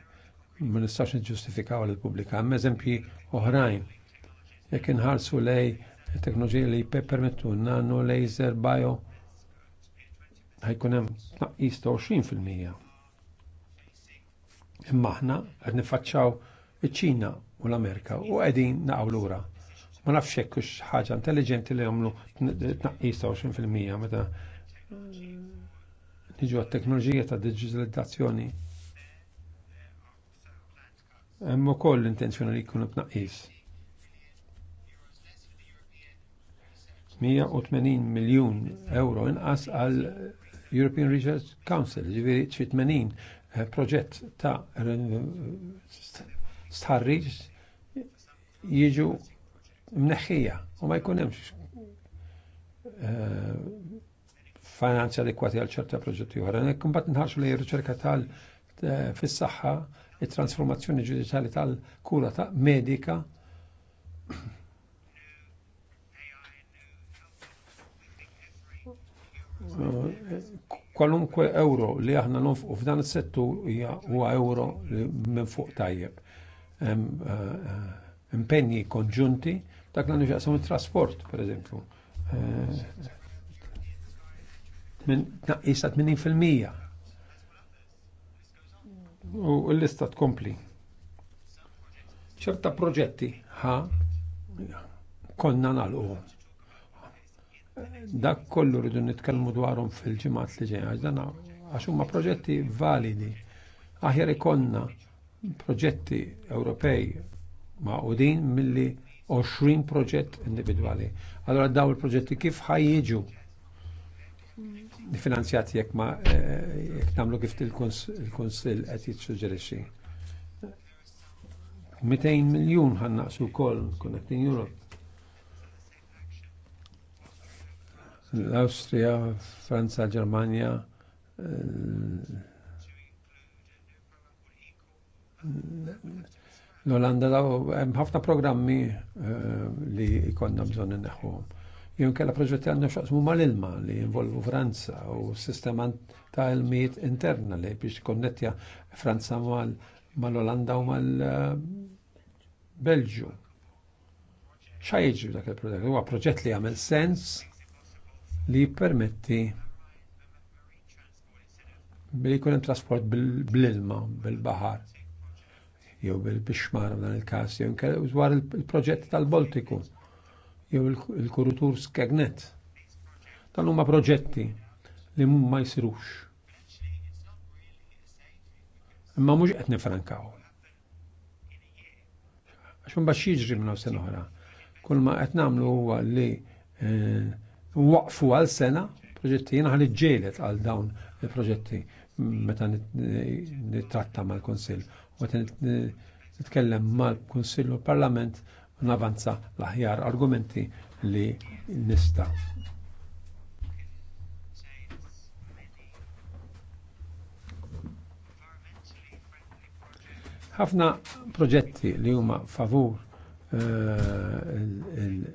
Ma nistax niġġustifikaw l-pubblika. Hemm eżempji oħrajn jekk inħarsu lej teknoloġija li permettu nano laser bio ħajkun hemm tnaqqis ta' 20%. Imma aħna qed nifaċċaw iċ-Ċina u l-Amerika u qegħdin naqgħu lura. Ma nafx hekk ħaġa intelligenti li jagħmlu tnaqqis ta' 20% meta niġu għat-teknoloġija ta' digitalizzazzjoni. Hemm ukoll l-intenzjoni li jkunu tnaqqis. 180 miljon euro inqas għal European Research Council, ġiviri 80 eh, proġett ta' starriġ jiġu mneħħija u ma jkunemx eh, finanzja adekwati għal ċerta proġetti oħra. Nek kumbat nħarxu li r tal eh, fis-saħħa, it-transformazzjoni ġudiċali tal-kura ta' medika kwalunkwe euro li aħna nonfqu f'dan is-settur huwa euro minn fuq tajjeb. Eh, Impenji konġunti dak li nixaqsam it-trasport, pereżempju. Eh, tnaqqis fil-mija. U l-lista tkompli. ċerta proġetti ħa konna nagħlquhom dak kollu rridu nitkellmu dwarhom fil-ġimgħat li ġejja għax dan għax huma proġetti validi. Aħjar ikonna proġetti Ewropej maqudin milli 20 proġett individwali. Allora daw il-proġetti kif ħajjiġu finanzjati jekk ma eh, jekk nagħmlu kif il-Kunsill qed jissuġġerixxi. 200 miljun ħannaqsu wkoll Connecting Europe l-Austria, Franza, Germania, eh, l-Olanda daw hemm ħafna programmi eh, li jkollna bżonn inneħħuhom. Jien kellha proġetti għandna xaqsmu mal-ilma li jinvolvu Franza u s-sistema ta' ilmijiet interna li biex konnettja Franza mal-Olanda u mal-Belġu. Eh, ċajġu dak il-proġett? Huwa proġett li jagħmel sens li jippermetti billi jkun hemm trasport bl-ilma, bil-baħar, jew bil-bixmar dan il-każ, jew dwar il-proġett tal-Baltiku, jew il-kurutur skegnet. Dan huma proġetti li ma jsirux. Imma mhux qed nifrankaw. Għax mbagħad xi jiġri minn oħra. Kull ma qed nagħmlu huwa li eh, waqfu għal sena proġetti jena ħalli iġġelet għal dawn il-proġetti meta nittratta mal-Konsil. u Meta nitkellem mal-Konsil u l-Parlament navanza avanza laħjar argumenti li nista. ħafna proġetti li huma favur uh,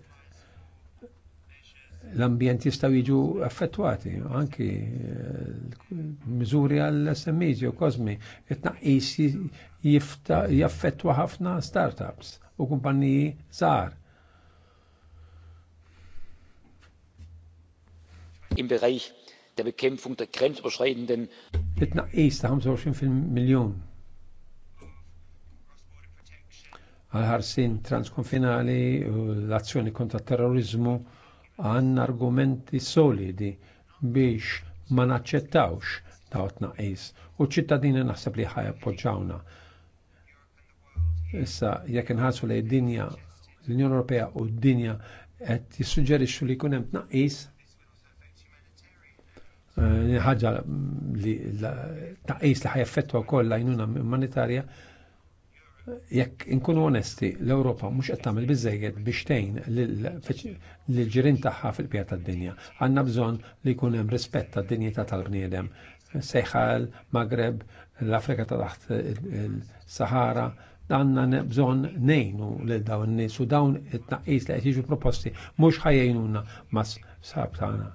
l-ambjent jistaw jiġu affettwati, anki l-mżuri eh, għall-SMEs jew kozmi, it-naqis jaffettwa ħafna startups u kumpaniji żgħar. Im Bereich der Bekämpfung der grenzüberschreitenden It-naqis ta' 25 miljon għal ħarsin transkonfinali u l-azzjoni kontra terrorizmu għandna argumenti solidi biex ma naċċettawx daw tnaqis u ċittadini naħseb li appoġġawna. Issa jekk li lejn dinja l-Unjoni Ewropea u d-dinja qed jissuġġerixxu li jkun hemm tnaqqis eh, ħaġa li taqis li ħajaffettwa wkoll l-għajnuna umanitarja jekk inkunu onesti, l-Ewropa mhux qed tagħmel biżejjed biex tgħin lill-ġirien tagħha fil-pjat tad-dinja. Għandna bżonn li jkun hemm rispett tad-dinjità tal-bniedem. Sejħal, Maghreb, l-Afrika ta' taħt il-Sahara, għanna bżon nejnu l dawn n-nis u dawn it-naqis li qed jiġu proposti mhux ħajjejnuna mas tagħna.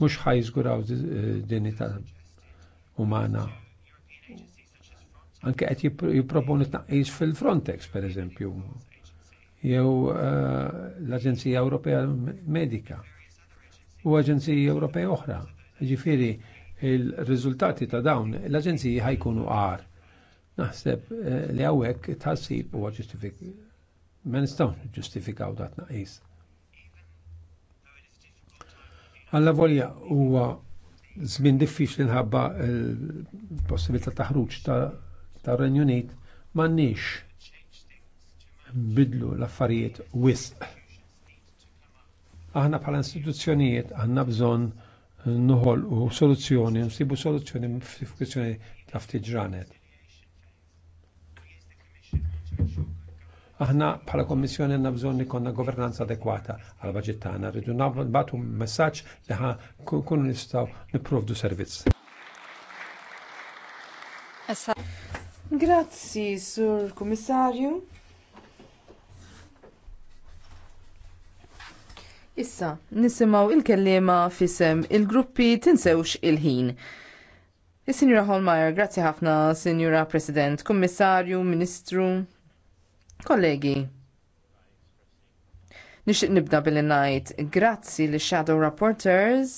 Mhux ħajżguraw eh, dinjità umana anke qed jipproponi tnaqqis fil-Frontex pereżempju jew eh, l-Aġenzija Ewropea Medika u Aġenziji Ewropej oħra. Ġifieri il-riżultati ta' dawn l-Aġenziji ħajkunu għar. Naħseb eh, li hawnhekk tħassib huwa ġustifik ma nistgħux ġustifikaw dat naqis. Alla volja huwa żmien diffiċli nħabba l-possibilità ta' ħruġ ta' tar-Renju Unit m'għandniex bidlu l-affarijiet wisq. Aħna bħala istituzzjonijiet għandna bżonn noħol u soluzzjoni, nsibu soluzzjoni f'kwistjoni ta' ftit ġranet. Aħna bħala kommissjoni għandna bżonn ikonna governanza adekwata għal baġit tagħna rridu nabatu messaġġ li ħa nkunu nistgħu nipprovdu servizz. Grazzi, Sur Kummissarju. Issa, nisimaw il-kellima fisem il-gruppi tinsewx il-ħin. Is-Sinjura Holmeyer, grazzi ħafna, Sinjura President, Kummissarju, Ministru, kollegi. Nixtieq nibda billi ngħid grazzi li Shadow Rapporters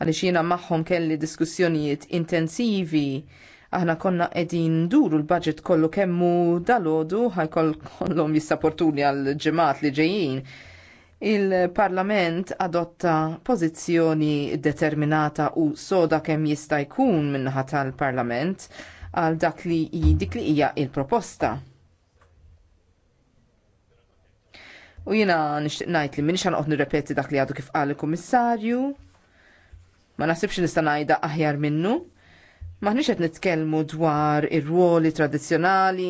għaliex jiena magħhom kelli diskussjonijiet intensivi Aħna konna qegħdin duru l-budget kollu kemmu dalodu kollom jissaportuni għal ġemat li ġejjin. Il-Parlament adotta pożizzjoni determinata u soda kemm jista' jkun minnaħa tal-Parlament għal dak li dik li hija l proposta U jina nishtiq najt li minix għanqot nirrepeti dak li għadu kif għal il-komissarju. Ma nasibx nista najda aħjar minnu. Maħniċ qed nitkellmu dwar ir-ruoli tradizzjonali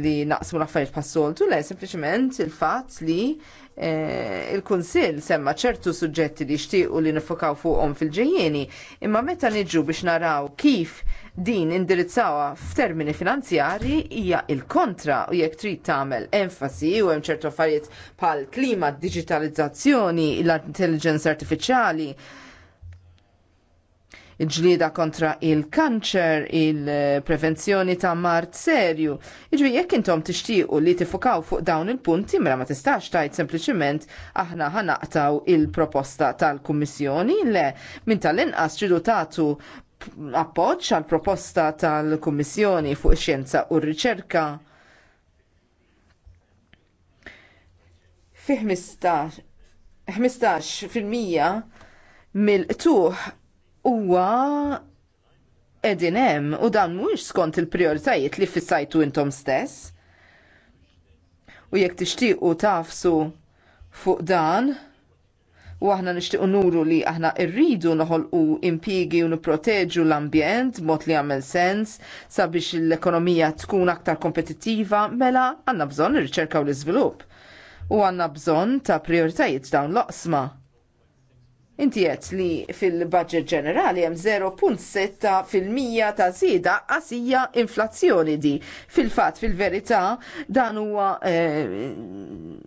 li naqsmu l-affarijiet pas-soltu, le sempliċement il-fatt li eh, il-Kunsill semma ċertu suġġetti li xtiequ li nifokaw fuqhom fil-ġejjeni, imma meta niġu biex naraw kif din indirizzawa f'termini finanzjari hija il-kontra u jekk trid tagħmel enfasi u hemm ċertu affarijiet bħal klima, digitalizzazzjoni, l-intelligence artifiċjali, il-ġlieda kontra il-kanċer, il-prevenzjoni ta' mart serju. Iġvi, jekk intom tixtiequ li tifukaw fuq dawn il-punti mela ma tistax tajt sempliciment aħna ħanaqtaw il-proposta tal-Kummissjoni le minn tal-inqas ġidu tagħtu appoġġ għal proposta tal-Kummissjoni fuq ix-xjenza u r-riċerka fi 15% mill-tuħ huwa qegħdin hemm u dan mhuwiex skont il-prijoritajiet li fissajtu intom stess. U jekk tixtiequ tafsu fuq dan, u aħna nixtiequ nuru li aħna rridu noħolqu impjiegi u nipproteġu l-ambjent b'mod li għamel sens sabiex l-ekonomija tkun aktar kompetittiva mela għandna bżonn ir-riċerka u l-iżvilupp. U għandna bżonn ta' prioritajiet dawn l-oqsma. Inti li fil-budget ġenerali hemm 0.6 fil-mija ta' żieda qasija inflazzjoni di. Fil-fatt fil-verità dan huwa eh,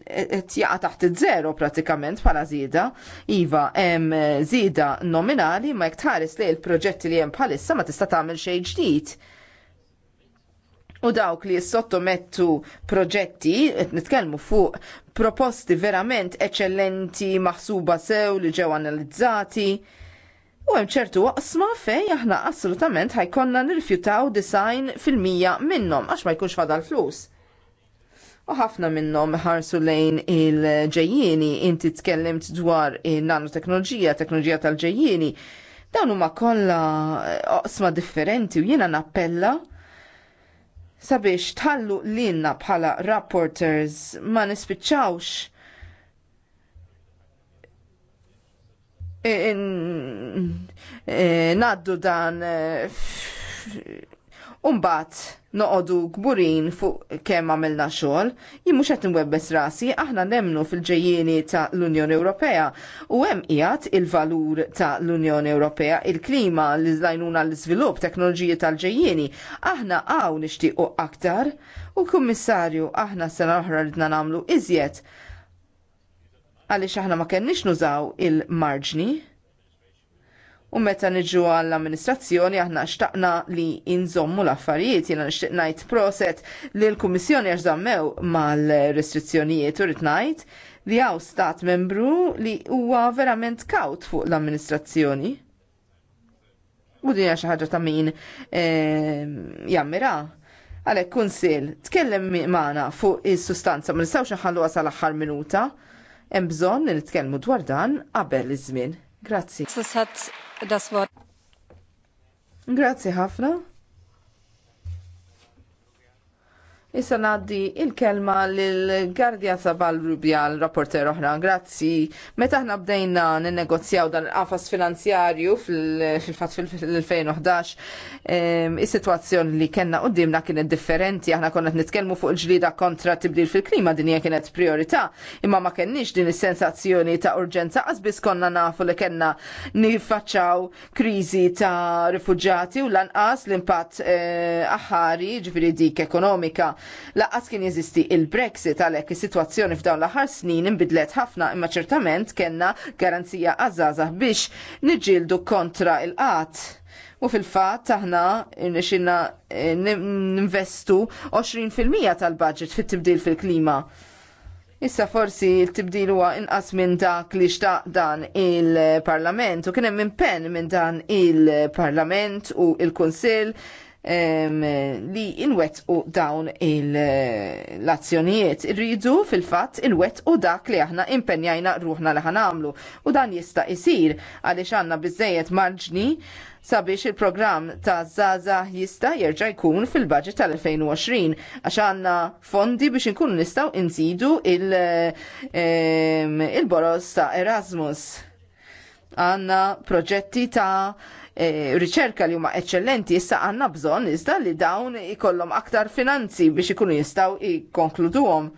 qed jaqa' taħt iż-żero pratikament bħala żieda. Iva hemm żieda eh, nominali ma jekk tħares li l-proġetti li hemm bħalissa ma tista' tagħmel xejn ġdid U dawk li sottomettu proġetti, qed nitkellmu fuq proposti verament eċċellenti, maħsuba sew li ġew analizzati. U hemm ċertu waqsma fejn aħna assolutament ħajkonna nirrifjutaw design fil-mija minnhom għax ma jkunx fadal flus. U ħafna minnhom ħarsu lejn il-ġejjieni, inti tkellimt dwar in-nanoteknoloġija, teknoloġija tal-ġejjieni. Dawn huma kollha oqsma differenti u jiena nappella sabiex tħallu lilna bħala rapporters ma nispiċċawx eh, naddu dan eh, umbat noqodu gburin fuq kemm għamilna xogħol, jien mhux qed inwebbes rasi aħna nemnu fil-ġejjieni ta' l-Unjoni Ewropea u hemm qiegħed il-valur ta' l-Unjoni Ewropea, il-klima li żlajnuna l-iżvilupp teknoloġiji tal-ġejjieni, aħna hawn nixtiequ aktar u kummissarju aħna sena oħra ridna nagħmlu iżjed għaliex aħna ma kenniex nużaw il-marġni U meta niġu għall-amministrazzjoni aħna xtaqna li inżommu l-affarijiet, jiena nixtieq ngħid proset li l-Kummissjoni għax żammew mal-restrizzjonijiet u rrid ngħid li għaw stat membru li huwa verament kawt fuq l-amministrazzjoni. U dinja xi ħaġa ta' min ehm, jammira. Għalhekk kunsil, tkellem maħna fuq is-sustanza ma nistawx nħallu sal-aħħar minuta. Hemm bżonn li nitkellmu dwar dan qabel iż-żmien. Grazzi das Grazie ħafna. Issa naddi il-kelma l gardja Sabal Rubjal, rapporter oħra, grazzi. Meta aħna bdejna n-negozjaw dan il-qafas finanzjarju fil-fat fil-2011, is-situazzjoni li kena qoddimna kienet differenti, aħna konna nitkellmu fuq il-ġlida kontra tibdil fil-klima, dinja kienet priorità, imma ma kenniex din is-sensazzjoni ta' urġenza, għazbis konna nafu li kena nifacċaw krizi ta' rifugġati u lanqas l-impatt aħari ġifiri dik ekonomika Laqas kien jeżisti il-Brexit għalhekk is-sitwazzjoni f'dawn l-aħħar snin inbidlet ħafna imma ċertament kellna garanzija għażaża biex niġġieldu kontra il-qatt. U fil-fat aħna nixinna eh, ninvestu 20% tal-budget fit-tibdil fil-klima. Issa forsi il-tibdil huwa inqas minn dak li xtaq dan il-Parlament u kien hemm impenn minn dan il-Parlament u il-Kunsill li inwet u dawn l azzjonijiet Irridu fil-fat inwet u dak li aħna impenjajna ruħna li ħanamlu. U dan jista' isir għaliex għandna biżejjed marġni sabiex il-programm ta' Zaza jista' jerġa' jkun fil-budget tal-2020 għax għandna fondi biex inkunu nistgħu inżidu il-boros il ta' Erasmus. Għandna proġetti ta' E, riċerka li huma eċċellenti issa għandna bżonn iżda li dawn ikollhom aktar finanzi biex ikunu jistgħu jikkonkluduhom.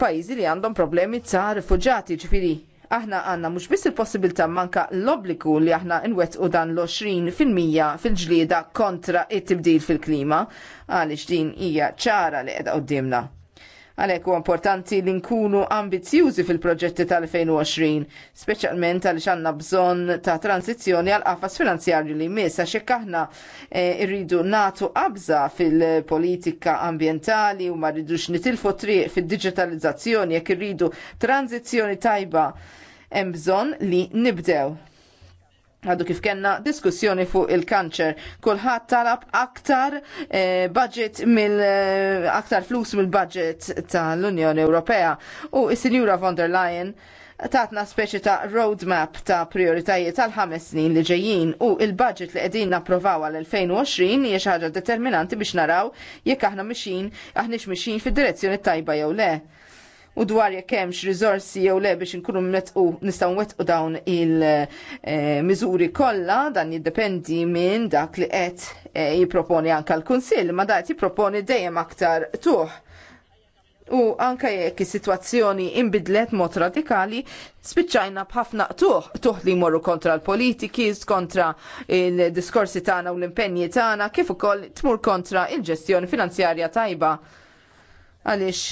Pajjiżi li għandhom problemi ta' rifuġati ġifiri aħna għanna mhux biss il possibilità manka l-obbligu li aħna nwettqu dan l-20% fil-ġlieda kontra it-tibdil fil-klima, għaliex din hija ċara li qiegħda quddiemna. Għalhekk huwa importanti li nkunu ambizjużi fil-proġetti tal-2020, speċjalment għaliex għandna bżonn ta' tranzizzjoni għal qafas finanzjarju li jmiss għax hekk aħna eh, rridu nagħtu qabża fil-politika ambjentali u ma rridux nitilfu triq fid-diġitalizzazzjoni jekk irridu tranzizzjoni tajba hemm bżonn li nibdew għadu kif kena diskussjoni fuq il-kanċer. Kulħadd talab aktar eh, budget mill eh, aktar flus mill-budget tal-Unjoni Ewropea u is-Sinjura von der Leyen tatna speċi ta' roadmap ta' prioritajiet tal-ħames snin li ġejjin u il-budget li qegħdin napprovaw għal 2020 hija xi ħaġa determinanti biex naraw jekk aħna mixin aħniex mixin fid-direzzjoni tajba jew le u dwar jekk hemmx riżorsi jew le biex inkunu nwettqu nistgħu nwettqu dawn il-miżuri eh, kollha dan jiddependi minn dak li qed eh, jipproponi anke l-Kunsill, ma dak jipproponi dejjem aktar tuħ. U anke jekk is-sitwazzjoni inbidlet mod radikali, spiċċajna bħafna tuħ, tuħ li jmorru kontra l-politiki, kontra il-diskorsi tagħna u l-impenji tagħna, kif ukoll tmur kontra il-ġestjoni finanzjarja tajba. Għaliex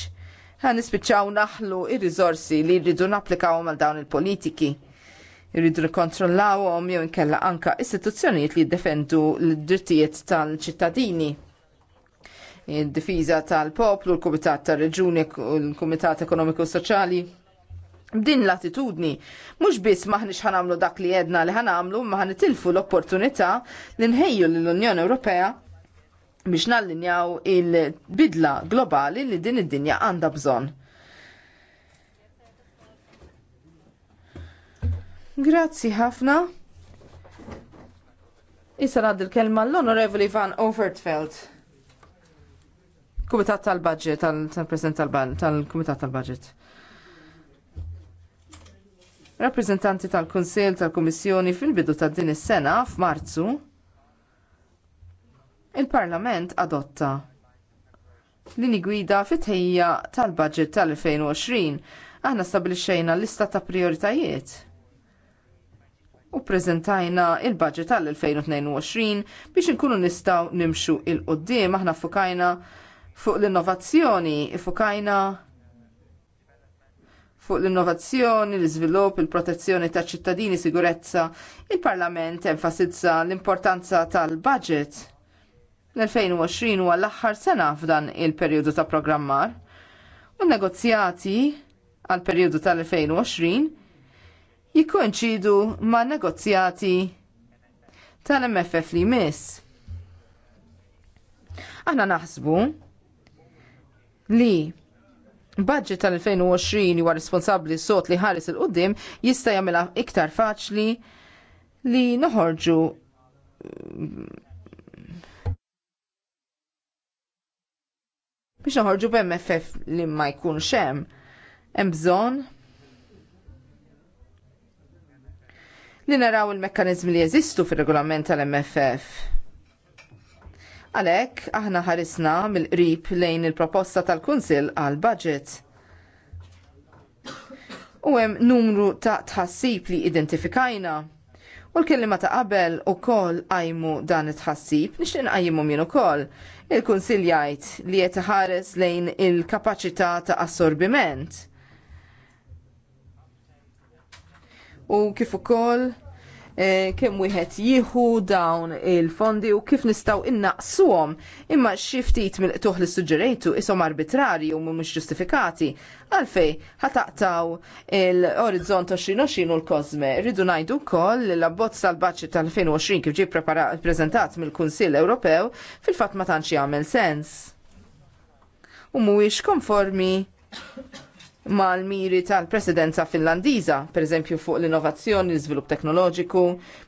ħan nispiċċaw naħlu ir-riżorsi li rridu napplikawhom għal dawn il-politiki. Irridu nikkontrollawhom jew inkella anka istituzzjonijiet li jiddefendu l-drittijiet tal-ċittadini. Id-difiża tal-poplu, l-Kumitat tar-Reġuni, l-Kumitat Ekonomiku Soċjali, Din l-attitudni, mhux biss maħniex ħanamlu dak li jedna li ħanamlu, ma ħanitilfu l-opportunità li nħejju l-Unjoni Ewropea biex nallinjaw il-bidla globali li din id-dinja għandha bżonn. Grazzi ħafna. Issa għad il-kelma l-Onorevoli Van Overtfeld. Kumitat tal-Budget, tal-President tal-Kumitat tal-Budget. Rappresentanti tal-Kunsil tal-Kummissjoni fil-bidu ta' din is-sena f'Marzu il-Parlament adotta lini gwida fit-tejja tal-budget tal-2020 aħna stabilixxejna lista ta' prioritajiet u ppreżentajna l budget tal-2022 biex inkunu nistgħu nimxu il qudiem aħna fukajna fuq l-innovazzjoni, fukajna fuq l-innovazzjoni, l-iżvilupp, il-protezzjoni taċ ċittadini, sigurezza, il-Parlament enfasizza l-importanza tal-budget L-2020 huwa l-aħħar sena f'dan il-perjodu ta' programmar u negozjati għal perjodu tal-2020 jikkoinċidu ma' negozjati tal-MFF li jmiss. Aħna naħsbu li budget tal-2020 huwa responsabbli sot li ħares il qudiem jista' jagħmilha iktar faċli li noħorġu biex noħorġu b'MFF li ma jkunx hemm. Hemm bżonn li naraw il-mekkanizmi li jeżistu fir-regolament tal-MFF. Għalhekk aħna ħarisna mill-qrib lejn il-proposta tal-Kunsill għal budget. U hemm numru ta' tħassib li identifikajna U l-kellima ta' qabel u kol għajmu dan it-ħassib, nixtin għajmu minn u kol. Il-Kunsil jgħid li qed ħares lejn il-kapaċità ta' assorbiment. U kif ukoll E, kemm wieħed jieħu dawn il-fondi u kif nistgħu innaqsuhom imma xi ftit mill-qtuħ li suġġerejtu ishom arbitrarji u mhumiex ġustifikati għalfej ħataqtaw l-orizzont 2020 u l-kozme. Rridu ngħidu wkoll li l-abbozz tal-baċċi tal-2020 kif ġie ppreżentat mill-Kunsill Ewropew fil-fatt ma tantx jagħmel sens u mhuwiex konformi mal-miri tal-presidenza finlandiża, pereżempju fuq l-innovazzjoni, l-iżvilupp teknoloġiku,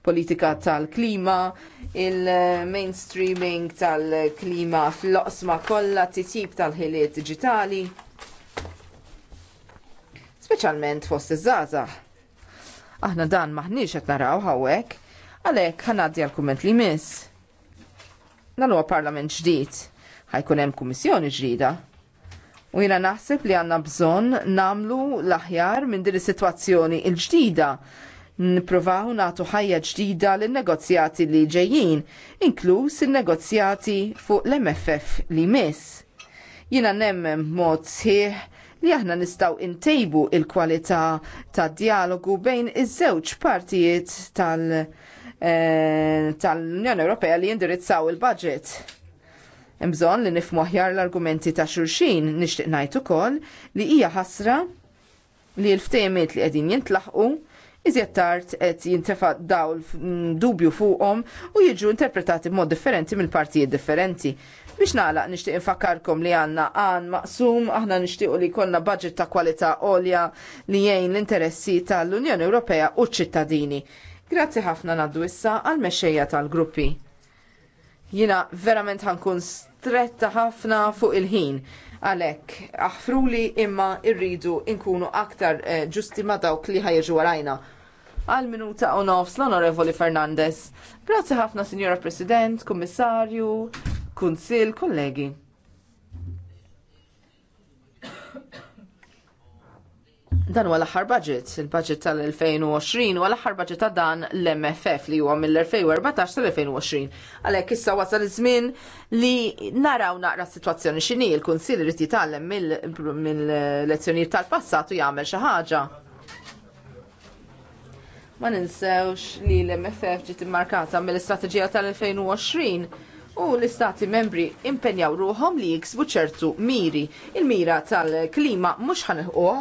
politika tal-klima, il-mainstreaming tal-klima fl-oqsma kollha titjib tal-ħiliet diġitali, speċjalment fost iż-żgħażagħ. Aħna dan maħniex qed naraw hawnhekk, għalhekk ħanaddi għall-kumment li miss. Dan huwa parlament ġdid, ħajkun hemm kummissjoni ġdida, U jina naħseb li għanna bżon namlu l-aħjar minn din is-sitwazzjoni il-ġdida Nipprovaw natu ħajja ġdida lin negozjati li ġejjin, inkluż il-negozjati fuq l-MFF li miss. Jina nemmen mod sħiħ li aħna nistaw intejbu il-kwalità tad dialogu bejn iż-żewġ partijiet tal- eh, tal-Unjoni Ewropea li jindirizzaw il-budget Mżon li nifmu aħjar l-argumenti ta' xulxin nixtieq ngħid ukoll li hija ħasra li l-ftejmiet li qegħdin jintlaħqu iżjed tard qed jintefa' daw mm, dubju fuqhom u jiġu interpretati b'mod differenti mill partijiet differenti. Biex nagħlaq nixtieq infakkarkom li għandna għan maqsum, aħna nixtiequ li jkollna budget ta' kwalità għolja li jgħin l-interessi tal-Unjoni Ewropea u ċ-ċittadini. Grazzi ħafna naddu issa għal mexxejja tal-gruppi. Jina verament ħankun stretta ħafna fuq il-ħin għalek aħfruli imma irridu inkunu aktar eh, ġusti ma dawk li ħajġu għarajna. Għal minuta u nofs l-Onorevoli Fernandez. Grazzi ħafna, Signora President, Kummissarju, Kunsil, kollegi. Dan huwa l-aħħar budget, il-budget tal-2020 huwa l-aħħar budget ta' dan l-MFF li huwa mill-2014 tal-2020. Għalhekk issa wasal iż-żmien li naraw naqra s-sitwazzjoni x'inhi l-Kunsill irid jitgħallem mill-lezzjonijiet tal-passat u jagħmel xi ħaġa. Ma ninsewx li l-MFF ġiet immarkata mill-istrateġija tal-2020 u l-istati membri impenjaw ruħom li jiksbu ċertu miri. Il-mira tal-klima mhux ħanħuħ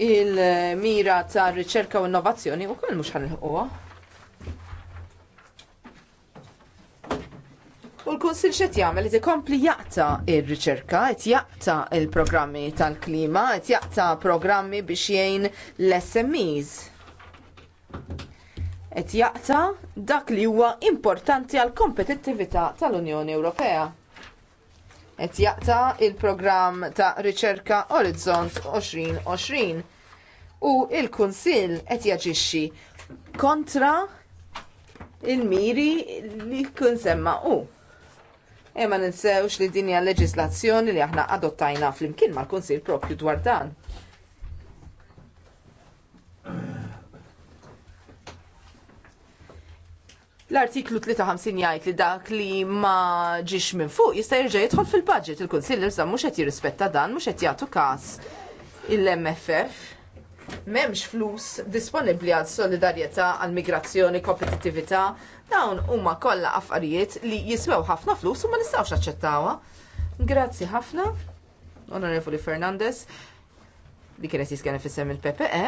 il-mira ta' riċerka u innovazzjoni u koll mux ħanilħuwa. U l konsil xed jagħmel li kompli jaqta r-riċerka, qed jaqta l-programmi tal-klima, qed jaqta programmi biex jgħin l-SMEs. Jt jaqta dak li huwa importanti għall kompetittività tal-Unjoni Ewropea qed jaqta il-programm ta' riċerka Horizont 2020 u l kunsill qed jaġixxi kontra il-miri li kun semma u. Imma e ninsewx li dinja leġislazzjoni li aħna adottajna flimkien mal-Kunsill propju dwar dan. L-artiklu 53 jgħid li dak li ma ġiex minn fuq jista' jerġa' jidħol fil-budget. Il-Kunsill iżda mhux qed jirrispetta dan, mhux qed jagħtu każ il-MFF. M'hemmx flus disponibbli għal solidarjetà għal migrazzjoni, kompetittività, dawn huma kollha affarijiet li jiswew ħafna flus u ma nistgħux aċċettawha. Grazzi ħafna, Onorevoli Fernandez, li kienet jiskena fissem il-PPE.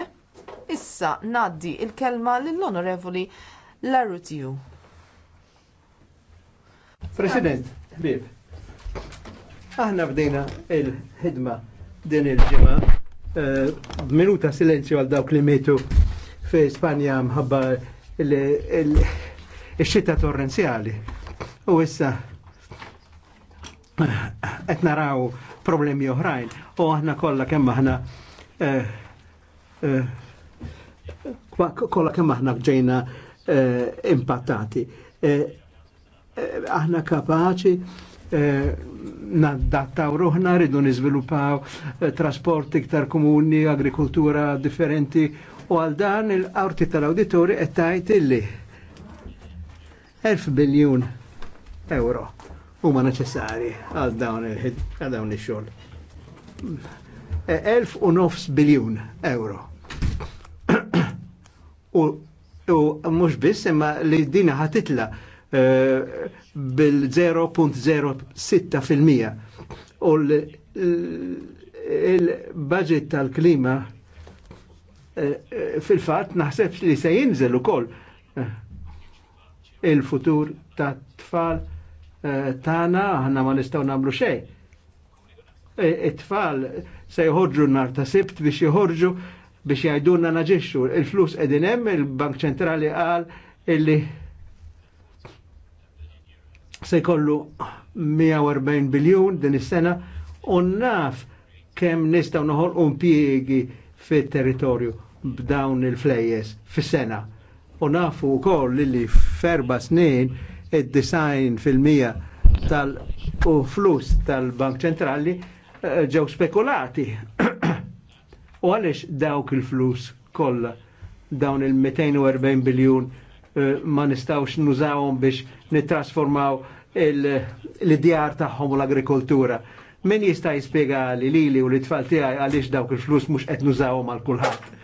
Issa naddi il-kelma lill-Onorevoli Larutiu. President, bib, aħna bdejna il-ħidma din il-ġimgħa eh, Minuta silenzju għal dawk li mitu fi Spanja mħabba il-xita torrenzjali. U issa qed naraw problemi oħrajn u aħna kollha kemm aħna eh, eh, kollha kemm aħna ġejna impattati. Eh, aħna kapaċi eh, naddattaw ruħna, rridu niżviluppaw eh, trasporti iktar komuni, agrikultura differenti u għal dan il qawti tal auditori qed tgħid illi 1000 biljun euro huma neċessari għal dawn għal dawn ix-xogħol. 1000 u nofs biljun euro. u mhux biss imma li dina ħatitla' Eh, bil-0.06% u eh, il-budget tal-klima eh, fil-fat naħsebx li se jinżel ukoll il-futur ta' tfal tana aħna ma nistgħu nagħmlu xejn. It-tfal se jħorġu nar ta' sibt biex jħorġu biex jgħidulna naġixxu. Il-flus qegħdin hemm, il-Bank Ċentrali qal illi se jkollu 140 biljun din is-sena u naf kemm nistgħu noħolqu impjiegi fit-territorju b'dawn il-flejjes fis-sena. U nafu wkoll li f'erba' snin id-design fil-mija tal-flus tal-Bank Ċentrali eh, ġew spekulati. U għaliex dawk il-flus kollha dawn il-240 biljun Eh, ma nistawx nużawhom biex nittrasformaw l-djar tagħhom u l-agrikoltura. Min jista' jispjega li lili u li tfal tiegħi għaliex dawk il-flus mhux qed nużawhom għal kulħadd.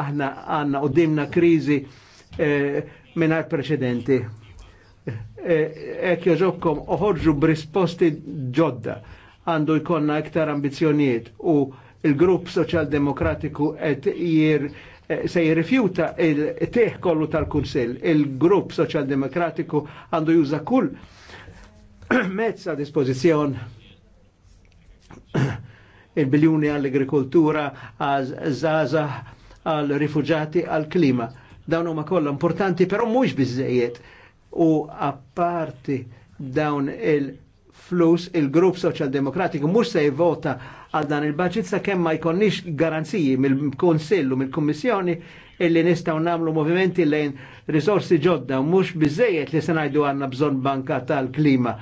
Aħna għandna qudiemna kriżi eh, mingħajr preċedenti. Eh, hekk joġobkom oħorġu b'risposti ġodda għandu jkollna iktar ambizzjonijiet u il-grupp soċjal-demokratiku qed jir se jirrifjuta il-teħ kollu tal-Kunsill. Il-grupp soċjal-demokratiku għandu juża kull mezz a dispożizzjon il-biljuni għall-agrikoltura, għal-żaza, għal rifugġati għal-klima. Dawn huma kollha importanti, però mhux biżejjed. U apparti dawn il-flus, il-grupp soċjal-demokratiku mhux se jivota għal dan il-budget sa' kemm ma jkonniex garanziji mill-Konsillu, mill-Kummissjoni illi nistaw namlu movimenti lejn risorsi ġodda, mux bizzejiet li ngħidu għanna bżon banka tal-klima.